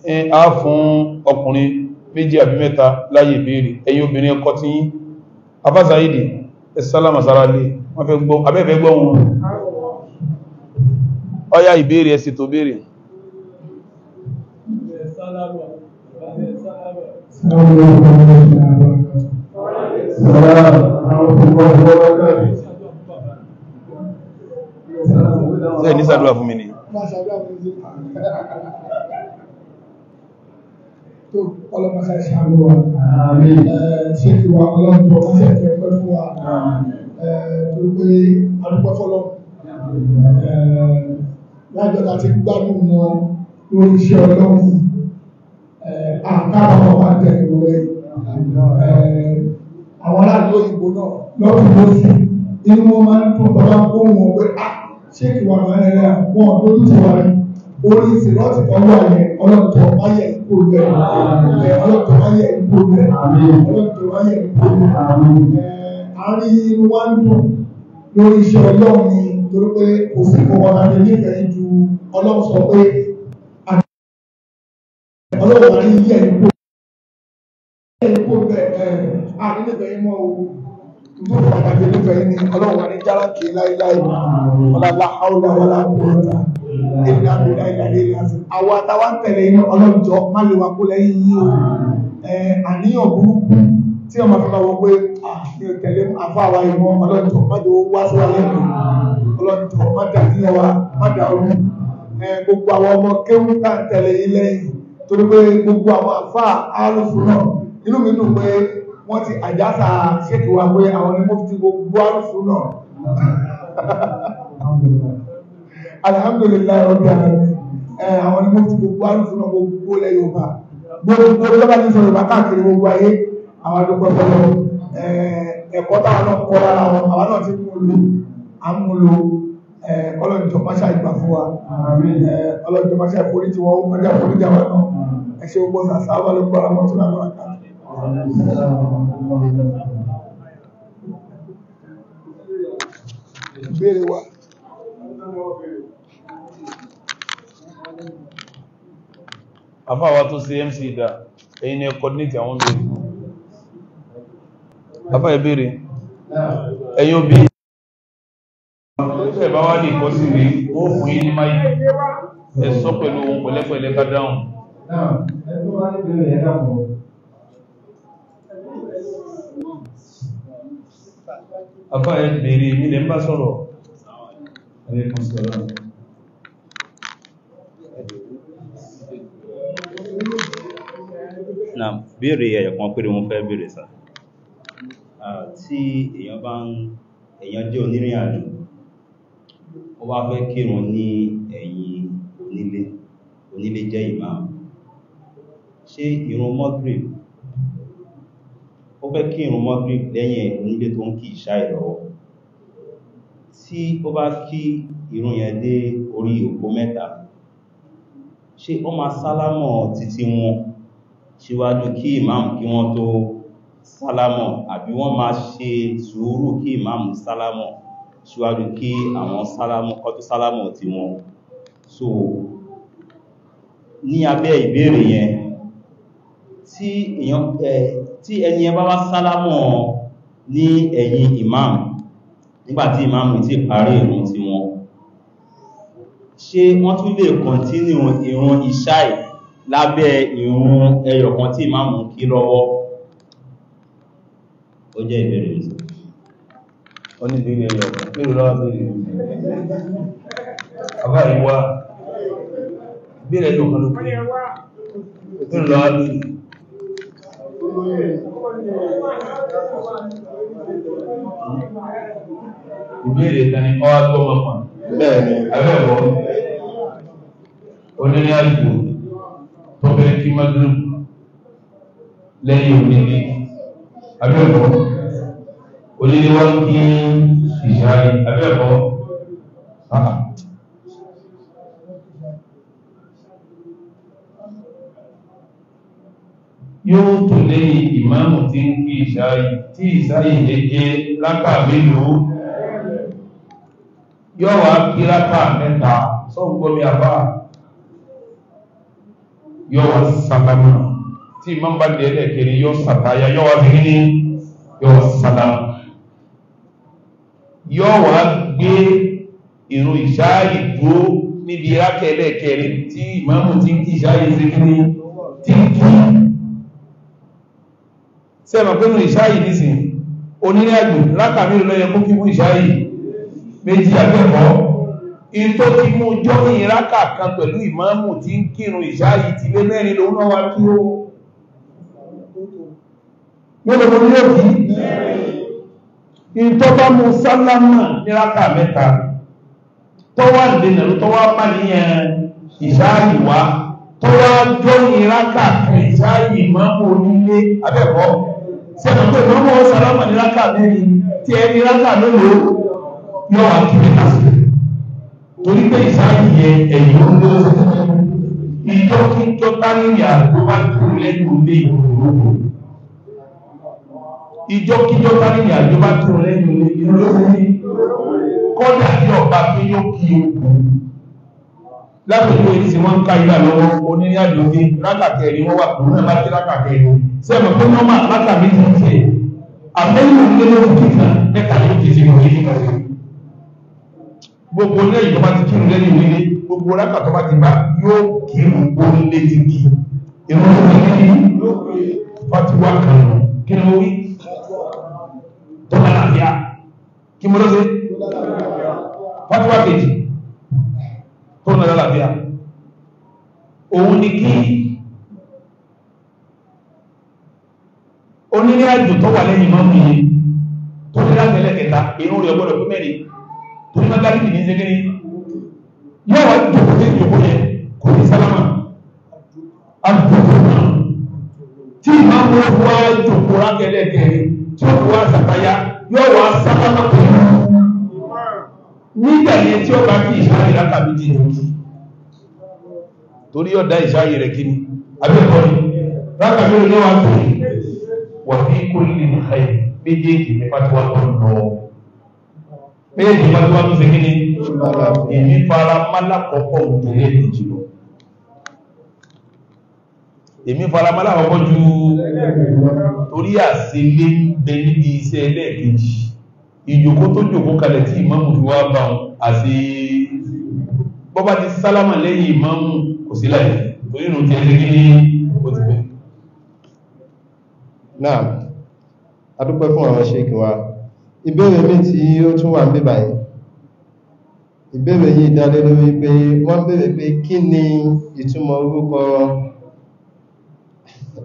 in a fún ọkùnrin méjì àbí mẹ́ta láyé ìbéèrè ẹ̀yin obìnrin ọkọ tí yín abázaídì ẹ̀sálàmà sára lè wọ́n fẹ́ gbọ́ abẹ́fẹ́ gbọ́ wọn ọya ìbéèrè ẹ̀sì tó béèrè Ṣé ní sàdúrà fún mi ni? Tó ọlọ́mọsá ṣàánú wa, ṣé kí wa ọlọ́run tó wọ́n ṣẹ̀fẹ̀ pẹ́ fún wa, tó pé adúpẹ́ fọ́lọ́. Lájọ́ ta ti gbádùn wọn lórí iṣẹ́ ọlọ́run àkàbọ̀ máa tẹ ìwé àwọn aláàbò ìbò náà lọ́kùnrin lóṣù inú wọn máa ń tún bàbá gbóhùn wọn pé a ah, ṣé ìwà mẹ́rẹ̀ẹ́rẹ́ àwọn ọ̀dọ́ tó ti wà ní orí ìsìnlọ́tì ọwọ́ yẹn ọlọ́tọ̀ wáyẹ̀ ikú rẹ̀ eh, ọlọ́tọ̀ wáyẹ̀ ikú rẹ̀ ọlọ́tọ̀ wáyẹ̀ ikú rẹ̀ àárín eh, inú wá ń dùn lórí iṣẹ́ ọlọ́run ni torí pé kò sí kò wọ́n láti nífẹ̀ẹ́ ju ọlọ́run sọ pé ọlọ́wọ́ kí yẹ ipò yẹ ipò bẹ ọrụ ni láìláì àwọn àtàwọn àtẹ̀lẹ̀ yín ọlọ́jọ́ má lè wà kó lẹ́yìn yín o àníyàn burúkú tí ọmọ fi máa wọ pé ìmọ̀ ọlọ́jọ́ owó wá ọlọ́jọ́ gbogbo àwọn ọmọ kéwú tá à ń tẹ̀lé lẹ́yìn torí pé gbogbo àwọn àfá alùsùn náà inú mi dùn pé wọ́n ti àjásà ṣètò wa pé àwọn ni mufti gbogbo alùsùn náà alhamdulillah ọ̀dọ̀ àwọn ni mufti gbogbo alùsùn náà gbogbo ilẹ̀ Yorùbá gbogbo lọ́ba ní sọ Yorùbá káàkiri gbogbo ayé àwọn àdúgbò pẹ̀lú ẹ̀kọ́ táwọn náà kọ́ lára wọn àwọn náà ti mú lò ọlọ́run tó máa ṣàìgbà fún wa ọlọ́run tó máa ṣàìforí tí wọ́n máa dá forí dáwọ́ náà ẹ ṣe gbogbo sàṣà wà ló gbára mọ́ tó náà lọ́ra ká. ìbéèrè wa. àfa wa tó ṣe mc dá èyí ni coordinate àwọn béèrè àfa ìbéèrè ẹ̀yin obìnrin tẹ̀ bá wá lè kọ́ sí rí ó fún yín ní máyì ẹ sọ pẹ̀lú ohun pẹ̀lẹ́pẹ̀lẹ́ ká dáhùn. Àbá ẹ bèèrè nílẹ̀ ń bá sọ̀rọ̀. Àlékún sọ̀rọ̀. Na béèrè ẹ̀yọ̀kan péré wọn fẹ́ béèrè sá. Tí èèyàn bá ń èèyàn jẹ́ onírìn àjò ó wá fẹ́ kírun ní ẹ̀yìn onílé onílé jẹ́ ìmáàmù ṣé ìrun mọ́gírì ó fẹ́ kí ìrun mọ́gírì lẹ́yìn onílé tó ń kí ìṣá ìrọ̀wọ́ tí ó bá kí ìrun yẹn dé orí òpó mẹ́ta ṣé ó máa sálámọ̀ títí wọn síwájú kí ìmáàmù kí wọ́n tó sálámọ̀ àbí wọ́n máa ṣe sùúrù kí ìmáàmù sálámọ̀ síwájú kí àwọn sálámù kọ́tú sálámù ti so ní abẹ́ ìbéèrè yẹn tí èyàn ẹ tí ẹni ẹ bá wá sálámù ní ẹ̀yìn imam nígbàtí imam ti parí ìrun ti wọn ṣé wọ́n tún lè kọ̀ntínú ìrun ìṣáì lábẹ́ ìrun ẹyọ̀kan tí imam kí lọ́wọ́ ó jẹ́ ìbéèrè yìí oníbèrè ẹ̀yọ̀ pẹ̀lú lọ́wọ́ bèrè àbá ìwá bèrè ẹ̀yọ̀ kan ló pè pẹ̀lú lọ́wọ́ bèrè ìbéèrè kan ni ọwá tó mọ́kàn bẹ́ẹ̀ni abẹ́bọ̀ onírin àjò tó bẹ̀rẹ̀ kí mọ́dún lẹ́yìn òní ní abẹ́bọ̀ onídíwọ́n kí ìṣàrí abẹ́ẹ̀kọ́ yóò tó lé ìmáàmù tí ń kí ìṣàrí tí ìṣàrí ìdẹ́jẹ́ lápá mélòó yóò wá kí lápá mẹ́ta sọ́gbọ́mí àbá yóò wá sàtàmù tí ìmáàmù bá dẹ̀ẹ́dẹ̀ kiri yóò sàtàyà yóò wá bí ní yóò sàtàmù yóò wá gbé ìrun ìṣááyì dúró níbi rákẹ̀lẹ̀ kẹrin tí ìmáàmù ti ń kí ìṣááyì sí kí ní tí ń kí sẹ́mà pé ìrun ìṣááyì nísìn onírìn àjò lákàmílò lọ́yẹ kó kí fún ìṣááyì méjì akẹ́kọ̀ọ́ in tó ti mú jọ́ ní ìrákà kan pẹ̀lú ìmáàmù tí ń kírun ìṣááyì ti lé mẹ́rin lòun náà wá kí ó mélòó ní òkì ìtọ́bá mú sálámà níraka mẹ́ta tọ́wà lẹ́nàrú tọ́wà má níyàn ìṣáàyì wá tọ́wà jọ níraka ìṣáàyì má mú onílé abẹ́kọ́ sẹ́kọ̀ọ́ tó mọ́ sálámà níraka mẹ́rin tí ẹ níraka lólo yọ àkíyè lásìkò torí pé ìṣáàyì yẹ ẹ̀yìn olóòrùn ìjọ kíjọ bá níyà tó bá kú lẹ́nu lé ìgbòho ìjọkíjọ bá ní àjọ bá tó lẹ́nu lé lórí kọ́dà tí ọba tó yóò kí òkú lápẹ̀lú èsì wọ́n ń ká ìgbà lọ́wọ́ onírìnàjò ní rákàkẹ́rin wọ́n wà pẹ̀lú náà bá ti rákàkẹ́rin sẹ́mi pé nọ́mà látàbí ti ń tẹ̀ àbẹ́yìn òkè ló ń kíkà mẹ́ta ló ti ti wọ̀nyí nípa sí gbogbo lẹ́yìn tó bá ti kírun lẹ́yìn nílé gbogbo rákà tó bá ti gbà yóò kírun gbóhùn létí kí ìrún tó ti kí fatiwa kan kí ni mo wí tó lálàáfíà kí mo lọ́sẹ̀ fatiwa kejì tó nà lálàáfíà òun ni kí onílé àjò tó wà lẹ́yìn mọ́mù yìí tó ní láti ẹlẹ́kẹta irun rẹ̀ gbọ́dọ̀ fún mẹ́rin tó ní láti ní ìṣẹ́gẹ́rin yóò wá jòkó sí ìjòkó yẹ kò ní sálámà àbùkù náà tí ìmáàmù wá jòkó rákẹ́lẹ́kẹ́rin tí o wá sàkáyá yóò wá sábàbà tó yẹ nígbà yẹn tí ó bá kí ìṣáyè rà tàbí di nìkí torí ọ̀dá ìṣáyè rẹ̀ kí ni abẹ́kọ̀ ni rákà mí ní wàá tó wà ní kó lè ní ẹ̀ méjèèjì nípa tí wàá tó ń lọ méjèèjì nípa tí wàá tó ń ṣe kí ni ìní fara kọ̀ọ̀kan òun tó yẹ kejì lọ èmi faramọ́lá àkọ́kọ́ ju torí àṣẹlé bẹ níbi iṣẹ́ ẹlẹ́ẹ̀kejì ìjòkó tó jòkó kalẹ̀ tí ìmáàmù fi wá bá wọn àti bọ́bá ti sálámà lẹ́yìn ìmáàmù kò sí láyé torí nù ti ẹsẹ̀ kíní ó ti bẹ̀. náà adúpẹ́ fún àwọn ṣéèkì wa ìbéèrè mi tí ó tún wà ń bíbà yìí ìbéèrè yìí dá lórí pé wọ́n béèrè pé kí ni ìtumọ̀ orúkọ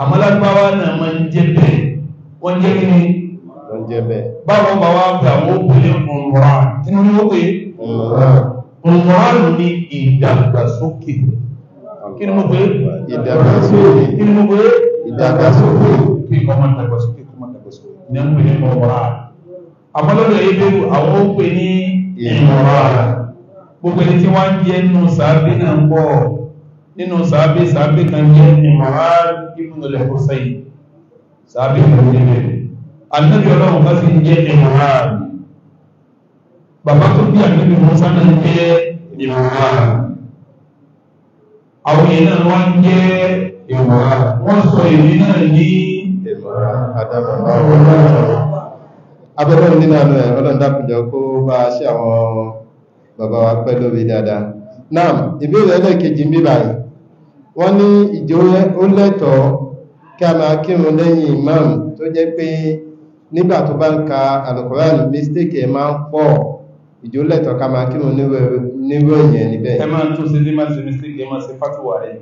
àmọ́ lágbáwá náà máa ń jẹ́ bẹ́ẹ̀ wọ́n jẹ́ kí ni wọ́n jẹ́ bẹ́ẹ̀ báwọn bá wá pé àwọn obìnrin ọ̀rọ̀ tí wọ́n ní ó pé ọ̀rọ̀ ní ìdàgbàsókè kí ni mo pé ìdàgbàsókè kí ni mo pé ìdàgbàsókè kí kọ́ máa dàgbàsókè kọ́ máa dàgbàsókè ní ń pè ní ọ̀rọ̀ àmọ́ lọ́dọ̀ ebè àwọn ó pè ní ìmọ̀ràn gbogbo ẹni tí wọ́n ń jẹ́ nù sàábì náà ń bọ̀ nínú sàábí sàábí kan jẹ́ Imran ibn al-Husayn sàábí kan jẹ́ bẹ̀rẹ̀ ànábì ọlọ́run kan sì ń jẹ́ Imran bàbá tó bí ànábì Musa náà jẹ́ Imran àwọn èèyàn náà wọ́n jẹ́ Imran wọ́n sọ èmi náà ní Imran àdàbàbà wọn abẹ́rẹ́ nínú àánú ẹ̀ ọlọ́ndàkùnjọ kó wọ́n ní ìjẹ́ ó lẹ́tọ̀ọ́ kí a máa kírun lẹ́yìn imam tó jẹ́ pé nígbà tó bá ń ka alukoran mistake ẹ̀ máa ń pọ̀ ìjẹ́ ó lẹ́tọ̀ọ́ ká máa kírun nírú ẹ̀yẹn níbẹ̀. ẹ máa tún ṣe ní máa ṣe mistake ẹ máa ṣe fatuwa rẹ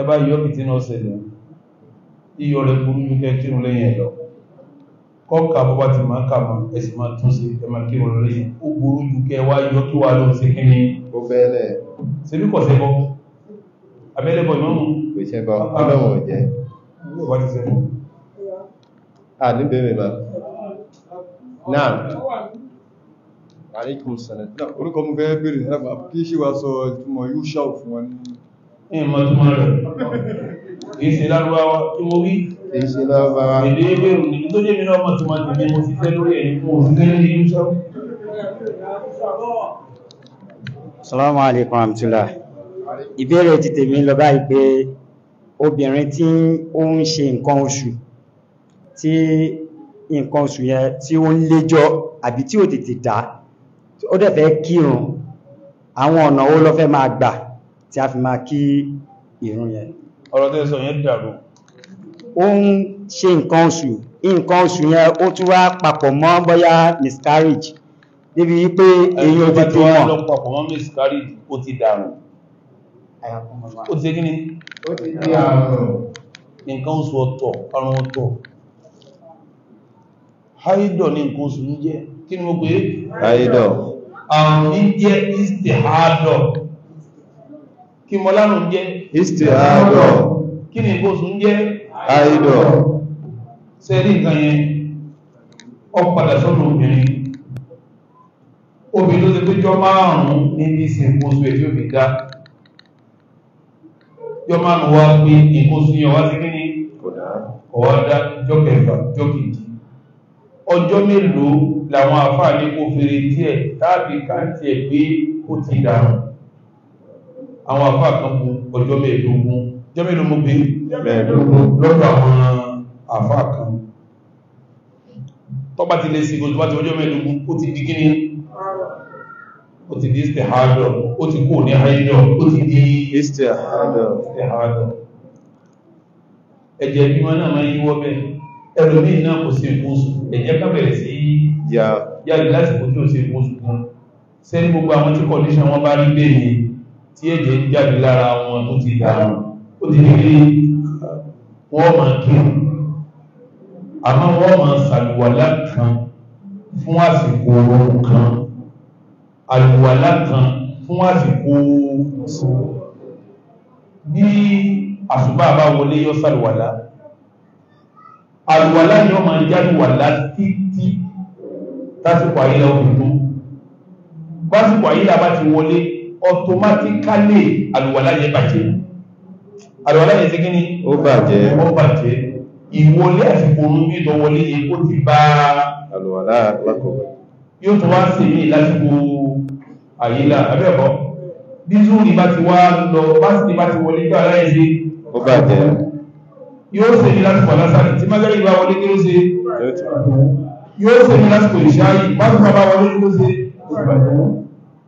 ẹ bá yọ kìtì náà ṣẹlẹ̀ iyọ rẹ burú ju kẹ kírun lẹ́yìn ẹ lọ kọ́ka bọ́bá ti máa kà mọ́ ẹ sì máa tún ṣe ẹ máa kírun lẹ́yìn ó burú ju kẹ wá yọ kí wàá lọ ṣe kí ni. ó bẹ́ẹ̀ lẹ̀. ṣe bí kò ṣe bọ́ abẹ́lẹ́bọ̀ ìmọ́mù kò ṣe bọ́ ah, ọlọ́wọ̀ jẹ́ àníbẹ̀rẹ̀ bá náà àríkùn sẹ̀lẹ̀ orúkọ mú fẹ́ bèèrè ẹ̀bà kí ṣe wá sọ ìtumọ̀ yóò ṣàù fún wọn ní ìmọ̀ túnmọ̀ rẹ̀ kìí ṣe lárúbáwá tí mo rí kìí ṣe lárúbáwá èdè ìbẹ̀rù ní tó jẹ́ mìíràn ọmọ túnmọ̀ tẹ̀mí mo ti fẹ́ lórí ẹ̀yìn mo rí ní yóò ìbéèrè ti tèmi lọ báyìí pé obìnrin tí ó ń ṣe nǹkan oṣù tí nǹkan oṣù yẹn tí ó ń léjọ́ àbí tí ò tètè dá ó dẹ̀ fẹ́ kírun àwọn ọ̀nà wo ló máa gbà tí a fi máa kí ìrun yẹn. ọ̀rọ̀ tó sọ yẹn dàrú. ó ń ṣe nǹkan oṣù nǹkan oṣù yẹn ó tún wá papọ̀ mọ́ bóyá miscarriage níbi wípé èyí ò tètè mọ̀. ẹ̀yin ọba tí wọ́n lọ papọ̀ mọ́ miscarriage ó ti dàrú ó ti ṣe kí ni nǹkan oṣù ọ̀tọ̀ ọ̀run ọ̀tọ̀ haidọ̀ ní nǹkan oṣù ń jẹ́ kí ni mo pè haidọ̀ àrùn ní istihadọ̀ kí mọ́ lárùn jẹ́ istihadọ̀ kí ni nǹkan oṣù ń jẹ́ haidọ̀ sẹ́rí nǹkan yẹn ọ padà sọ́nà obìnrin obìnrin tó ti péjọ márùn-ún ní ní ìsìnkú oṣù èdè òfin ga yọ máa ń wá pé ìkóso yẹn wá sí kí ni ọ̀wá dá jọ kẹfà jọ kejì ọjọ́ mélòó làwọn àfáàní kò fèrè tiẹ̀ tàbí káńtì ẹ̀ pé ó ti dàrú àwọn àfáà kan kú ọjọ́ mẹ́ẹ̀ẹ́dógún ọjọ́ mélòó mo gbé mẹ́ẹ̀ẹ́dógún lọ́dọ̀ àwọn àfáà kan tọ́ba ti lè sí ìgbòsíwájú ọjọ́ mẹ́ẹ̀ẹ́dógún ó ti di kíni ó ti di istihadọ̀ ó ti kú ní haidọ̀ ó ti di istihadọ̀ ẹ̀jẹ̀ mímọ́ náà máa yíwọ́ bẹ́ẹ̀ ẹlòmí náà kò sí ìkúnsù ẹ̀jẹ̀ ká bẹ̀rẹ̀ sí yàrí lásìkò tí ó sí ìkúnsù kan sẹ́ni gbogbo àwọn tí condition wọn bá rí bẹ́ẹ̀ tí ẹ̀jẹ̀ ń jáde lára wọn tó ti dà ó ti di pé wọ́n máa kí àmọ́ wọ́n máa ṣàlùwàlá kan fún àsìkò oorun kan àlùwàlá kan fún àsìkò bí àsùbá bá wọlé yọ sàlùwàlá àlùwàlá yọ ma ń jálùwàlá títí tásìkò àyílá òkùnkùn básìkò àyílá bá ti wọlé ọtomátíkálẹ̀ àlùwàlá yẹ bàjẹ́ àlùwàlá yẹ sí kí ni ó bàjẹ́ ó bàjẹ́ ìwọlé àsìkò orun bí ìdọwọlé yẹ kó ti bá àlùwàlá lákọ̀ọ́ yóò tún wá sí ní lásìkò àyílá abẹ́ẹ̀kọ́ bí zúrì bá ti wá lọ básìkì bá ti wọlé bí ara ẹ̀ṣẹ́ yóò sí ní lásìkò alásàrì tí mágẹ́rì bá wọlé kí ó ṣe yóò sí ní lásìkò ìṣáyì básìkò bá wọlé kí ó ṣe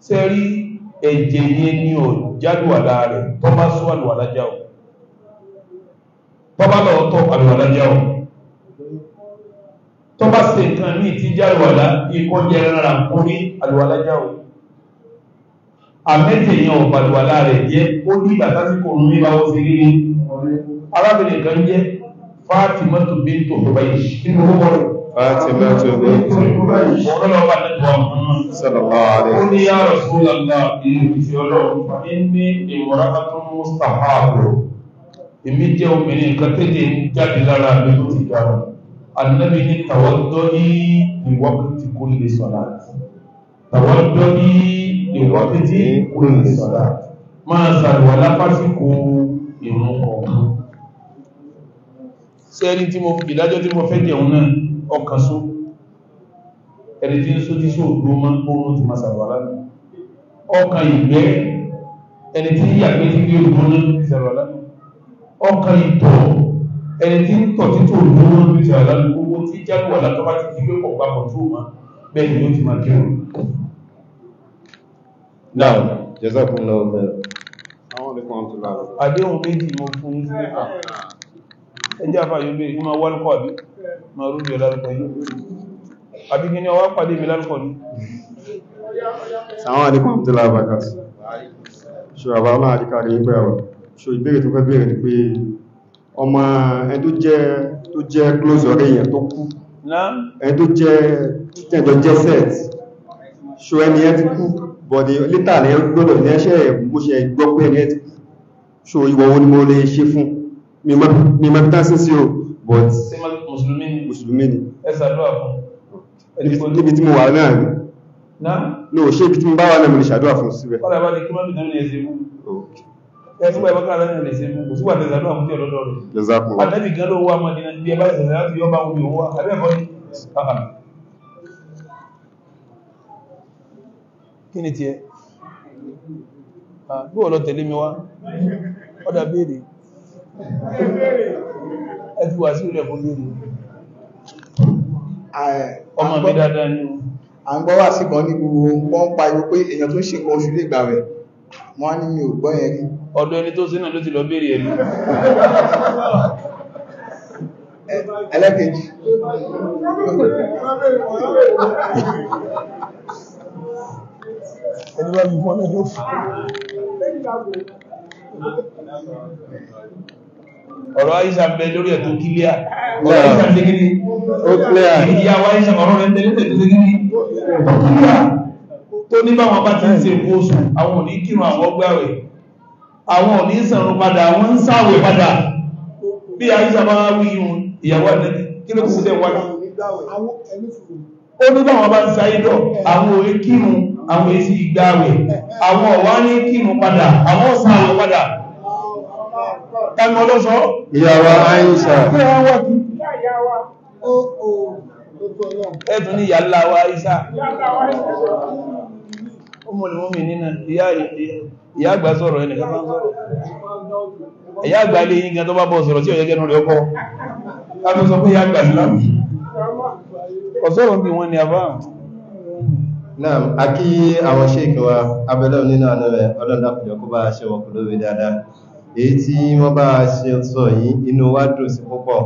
sẹ́rí ẹ̀jẹ̀ yẹn ni ò jádùwàlá rẹ̀ tọ́ bá sún àlùwàlájá ò tọ́ bá lọ́ọ̀tọ̀ àlùwàlájá ò ṣe nǹkan ní ìtíjà àlùwàlá ikọ́ jẹ́ rárá kó ní àlùwàlá jáwò àmẹ́tẹ̀yàn ọ̀pọ̀ àlùwàlá rẹ̀ jẹ́ ó ní ìgbà sásìkò òun ní báwọ́ sí rí ní arábìnrin kan jẹ́ Fatimatu bintu Hubaysh nínú owó rẹ̀ Fatimatu bintu Hubaysh ọlọ́pàá lẹ́tọ̀ọ́ sallallahu alaihi ó ní ya Rasulullah ní imra'atun mustahab èmi jẹ́ Ànábì ní tàwọ́dọ́ ní ìwọ́kìtì kò lè sọ̀rọ̀ tàwọ́dọ́ ní ìwọ́kìtì kò lè sọ̀rọ̀ máa sàrùwà lápásíkò ìrun ọ̀kan sẹ́ni tí mo ìdájọ́ tí mo fẹ́ jẹun náà ọkàn só ẹni tí ń só tí só ló máa ń kóòrùn ti máa sàrùwà lánàá ọkàn ìgbẹ́ ẹni tí yàgbé tí gbé ògbóná ti sàrùwà lánàá ọkàn ìtọ̀ ẹni tí ń tọ̀ títò lówó ní ti àlálù owó tí jágbó àlá tó bá ti fi gbé pọ̀ papọ̀ tó mọ́ bẹ́ẹ̀ ni ó ti máa kírun. now jazakumullahu khairan. àwọn olùkọ́ ọ̀hún ti lọ àlọ́. àdéhùn méjì mo fún un nípa ẹjẹ́ àfààyè obìnrin kí máa wálùkọ́ àbí máa rúbi ọ̀lárúkọ yìí àbí kí ni ọwá pàdé mi lárúkọ ní. sàwọn àdékùn tó lábàkà ṣe àbámá àdíkà rí pẹ́ ọ̀ ṣe ìbéèrè tó fẹ́ béèrè ni pé ọmọ ẹ tó jẹ́ tó jẹ́ close ọ̀rẹ́ èèyàn tó kú ẹ tó jẹ́ tẹ́jọ jẹ́ set ṣo ẹni ẹ ti kú bọ̀dì lítà ní gbọ́dọ̀ ní ẹṣẹ́ bó ṣe gbọ́ pé ẹni ẹ ti kú ṣo ìwọ̀ wo ni mo lè ṣe fún mi mọ́ tá sí sí o but mùsùlùmí ni níbi tí mo wà náà ní no ṣe ibi tí mo bá wà náà mo lè ṣàdúrà fún síbẹ̀ ẹ̀sùn ẹ̀wọ́ kan lẹ́nu lè ṣe mú kò síwà tẹ̀sán náà mútí ọ̀dọ́dọ́ rẹ̀. jẹ́sàkùn gan ló wà mọ́ nínú bí ẹ bá ṣẹ̀ṣẹ̀ láti yọ́ bá wù yóò wá ni. kí ni tiẹ̀ bí wọ́n lọ tẹ̀lé mi wá ọ̀dà béèrè ẹ ti wà sí ilẹ̀ fún béèrè. ọmọ mi dáadáa ni. à ń gbọ́ wá sí kan ní gbogbo wọn ń pariwo pé èèyàn tó ń ṣe nǹkan oṣù lè gbà rẹ̀ wọ́n ní mi ò gbọ́ ẹ̀rí ọdún ẹni tó sínú ló ti lọ béèrè ẹ̀rí ẹlẹ́kẹ̀ẹ́jì ẹni bá mi fọ́n náà ọ̀rọ̀ àìsà bẹ lórí ẹ̀ kílíà ọ̀rọ̀ àìsà lé gíní ó kílíà ìyàwó àìsà ọ̀rọ̀ rẹ̀ tẹ́lẹ̀ tẹ́lẹ̀ tó ní bá wọn bá ti ń ṣe nǹkan oṣù àwọn ò ní kírun àwọn gbàwẹ̀ àwọn ò ní sàrùn padà àwọn ń sáwẹ̀ padà bí àyíṣà bá wí yun ìyàwó àdẹ́bí kí ló kù dẹ̀ wá ó ní bá wọn bá ń sa idọ̀ àwọn ò ní kírun àwọn èsì ìgbàwẹ̀ àwọn ọ̀wá ní kírun padà àwọn ọ̀sàwẹ̀ padà ẹmọ lọ́sọ́ ìyàwó àyíṣà oh, oh. ẹ̀dùn ní ìyàlá wa àyíṣà Ummul Mu'minina ìyá àgbà sọ̀rọ̀ ẹnìkan bá ń sọ̀rọ̀ ìyá àgbà lè yí gan tó bá bọ́ sọ̀rọ̀ tí ó yẹ gẹ́nu rẹ̀ ọkọ́ láti sọ pé ìyá àgbà sí láàmù ọ̀sọ̀rọ̀ bí wọ́n ni a bá náà a kí àwọn ṣéèkì wa abẹ́lẹ́ nínú àná rẹ̀ ọlọ́dàkùnjọ kó bá ṣe wọ̀kù lórí dáadáa èyí tí wọ́n bá ṣe sọ yìí inú wa dùn sí púpọ̀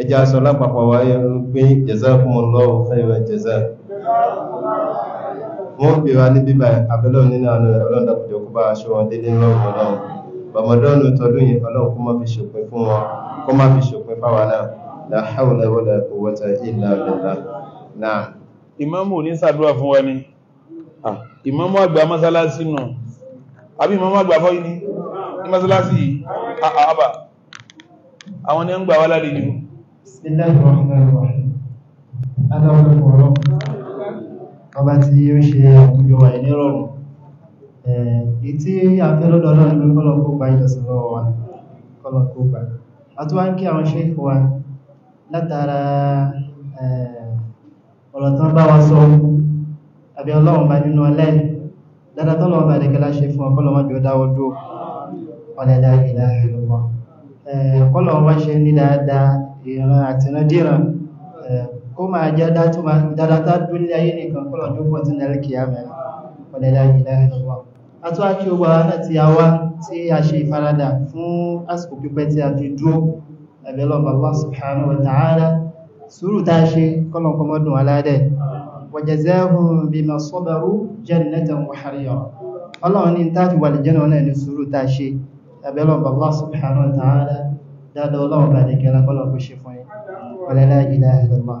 ẹjá sọ lápapọ̀ wáyé ń pín jazakumullahu khairan jazaa wọ́n pè wá ní bíbá abẹ́lọ́ nínú àánú rẹ̀ ọlọ́run dàpọ̀jọ́ kó bá aṣọ wọn délé lọ́wọ́ náà bàmọ́dọ́nù tọdún yìí ọlọ́run kó má fi ṣòpin fún wọn kó má fi ṣòpin fáwa náà la hawla wala quwwata illa billah náà. ìmáàmù ní sàdúrà fún wa ni ìmáàmù àgbà mọ́sálásí nù àbí ìmáàmù àgbà fọ́ yìí ní mọ́sálásí yìí àbà àwọn ni ń gbà wá lálejò. bismillahir rahmanir ọba tí ó ṣe àkójọ wa ní rọrùn èyí tí a fẹ́ lọ́dọ̀ ọlọ́run ló kọ́lọ̀ kó gba ìjọsìn lọ́wọ́ wa kọ́lọ̀ kó gba a tó wá ń kí àwọn ṣe wa látara ọ̀rọ̀ tán bá wa sọ àbí ọlọ́run bá nínú ọlẹ́ dáadáa tọ́lọ̀ ọba ṣe ní dáadáa ìran àtìrandíran kó máa jẹ́ dáadáa dúlé ayé nìkan kọ́lọ̀ tó pọ̀ tí nílẹ̀ kìí àmì ọ̀dẹ̀lá ìlànà ìwà atúwá kí ó wà láti àwá tí a ṣe ìfaradà fún àsìkò pípẹ́ tí a fi dúró ẹ̀bẹ̀lọ́bà Allah subhanahu wa ta'ala sùúrù tá a ṣe kọ́lọ̀kọ́mọ́dún aládẹ́ wajazahum bima sabaru jannatan wa harira ọlọ́run ní tá fi wà lè jẹ́nà náà ní sùúrù tá a ṣe ẹ̀bẹ̀lọ́bà Allah subhanahu wa ta'ala dáadáa ọlọ́run bá dẹ̀kẹ́ lápọ́lọ̀ kó ṣe fún ẹ̀ wala la ilaha illallah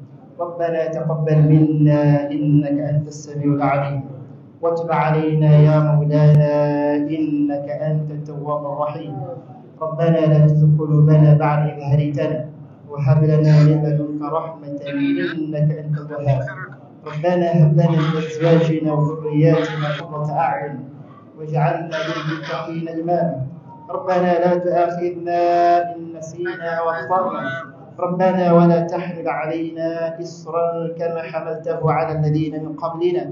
ربنا تقبل منا إنك أنت السميع العليم واتب علينا يا مولانا إنك أنت التواب الرحيم ربنا لا تزغ قلوبنا بعد إذ هديتنا وهب لنا من لدنك رحمة إنك أنت الوهاب ربنا هب لنا من أزواجنا وذرياتنا قرة أعين واجعلنا للمتقين إماما ربنا لا تؤاخذنا إن نسينا واخطأنا ربنا ولا تحمل علينا إصرا كما حملته على الذين من قبلنا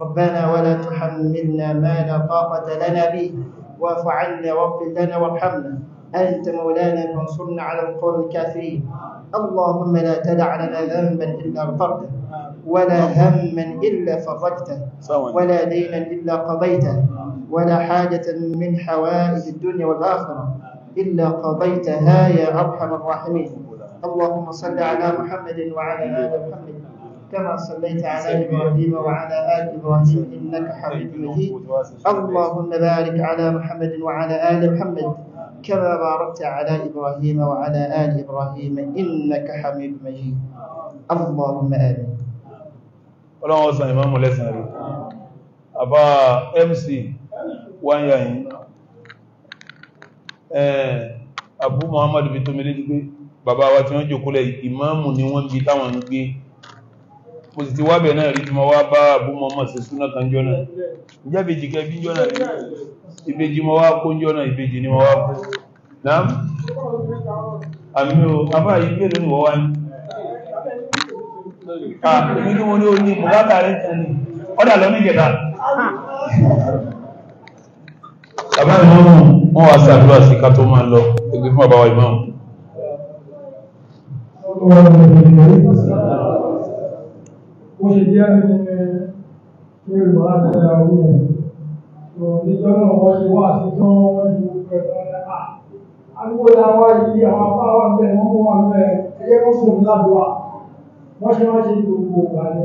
ربنا ولا تحملنا ما لا طاقة لنا به واعف عنا واغفر لنا وارحمنا أنت مولانا فانصرنا على القوم الكافرين اللهم لا تدع لنا ذنبا إلا غفرته ولا هما إلا فرجته ولا دينا إلا قضيته ولا حاجة من حوائج الدنيا والآخرة إلا قضيتها يا أرحم الراحمين اللهم صل على محمد وعلى آل محمد كما صليت على إبراهيم وعلى آل إبراهيم إنك حميد مجيد اللهم بارك على محمد وعلى آل محمد كما باركت على إبراهيم وعلى آل إبراهيم إنك حميد مجيد اللهم آمين ọlọ́run ọ̀sán ìmọ́mù lẹ́sìn rí àbá mc wáyé ẹ̀ abu muhammadu bí tó mẹ́lẹ́ bàbá wa tí wọ́n jòkúlẹ̀ ìmáàmù ni wọ́n bí táwọn ń gbé mo sì ti wábẹ̀ náà rí tí mo wá bá àbúmọ́ mọ̀ sí súná kan jọ́nà ìjábejì kẹbí jọ́nà ní ìbejì mo wá kó jọ́nà ìbejì ni mo wá kó náà àmì o bàbá yìí bèèrè ní wọ́wá ní àmì ní mo ní o ní mo wá tààrí tẹ̀ ní ọ̀dà lọ ìjẹta bàbá ìmọ̀ wọn wá sí àdúrà sí ká tó máa lọ ẹgbẹ́ fún bàbá wa ìmọ̀ ó ṣe díẹ̀ ní Yorùbá àtàlà orí ẹ̀ tó níjọ́ náà wọ́n ṣe wá sí tán wọ́n ju ẹ̀rọ àdúgbò láwá yìí àwọn apá wà ń bẹ̀ wọ́n mú wà ń bẹ̀ ẹgbẹ́ wọ́n fò ní ládùúgbà wọ́n ṣe wọ́n ṣe gbogbo ìgbà ni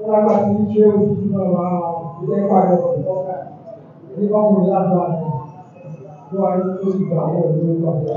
wọ́n lágbà sí ṣé òṣìṣẹ́ náà wà ilé ìpàdé ọ̀dọ́ka ní wọ́n mú ládùúgbà ni wọ́n á ní tó ti gbà wọ́n ní ìgbà wọ́n.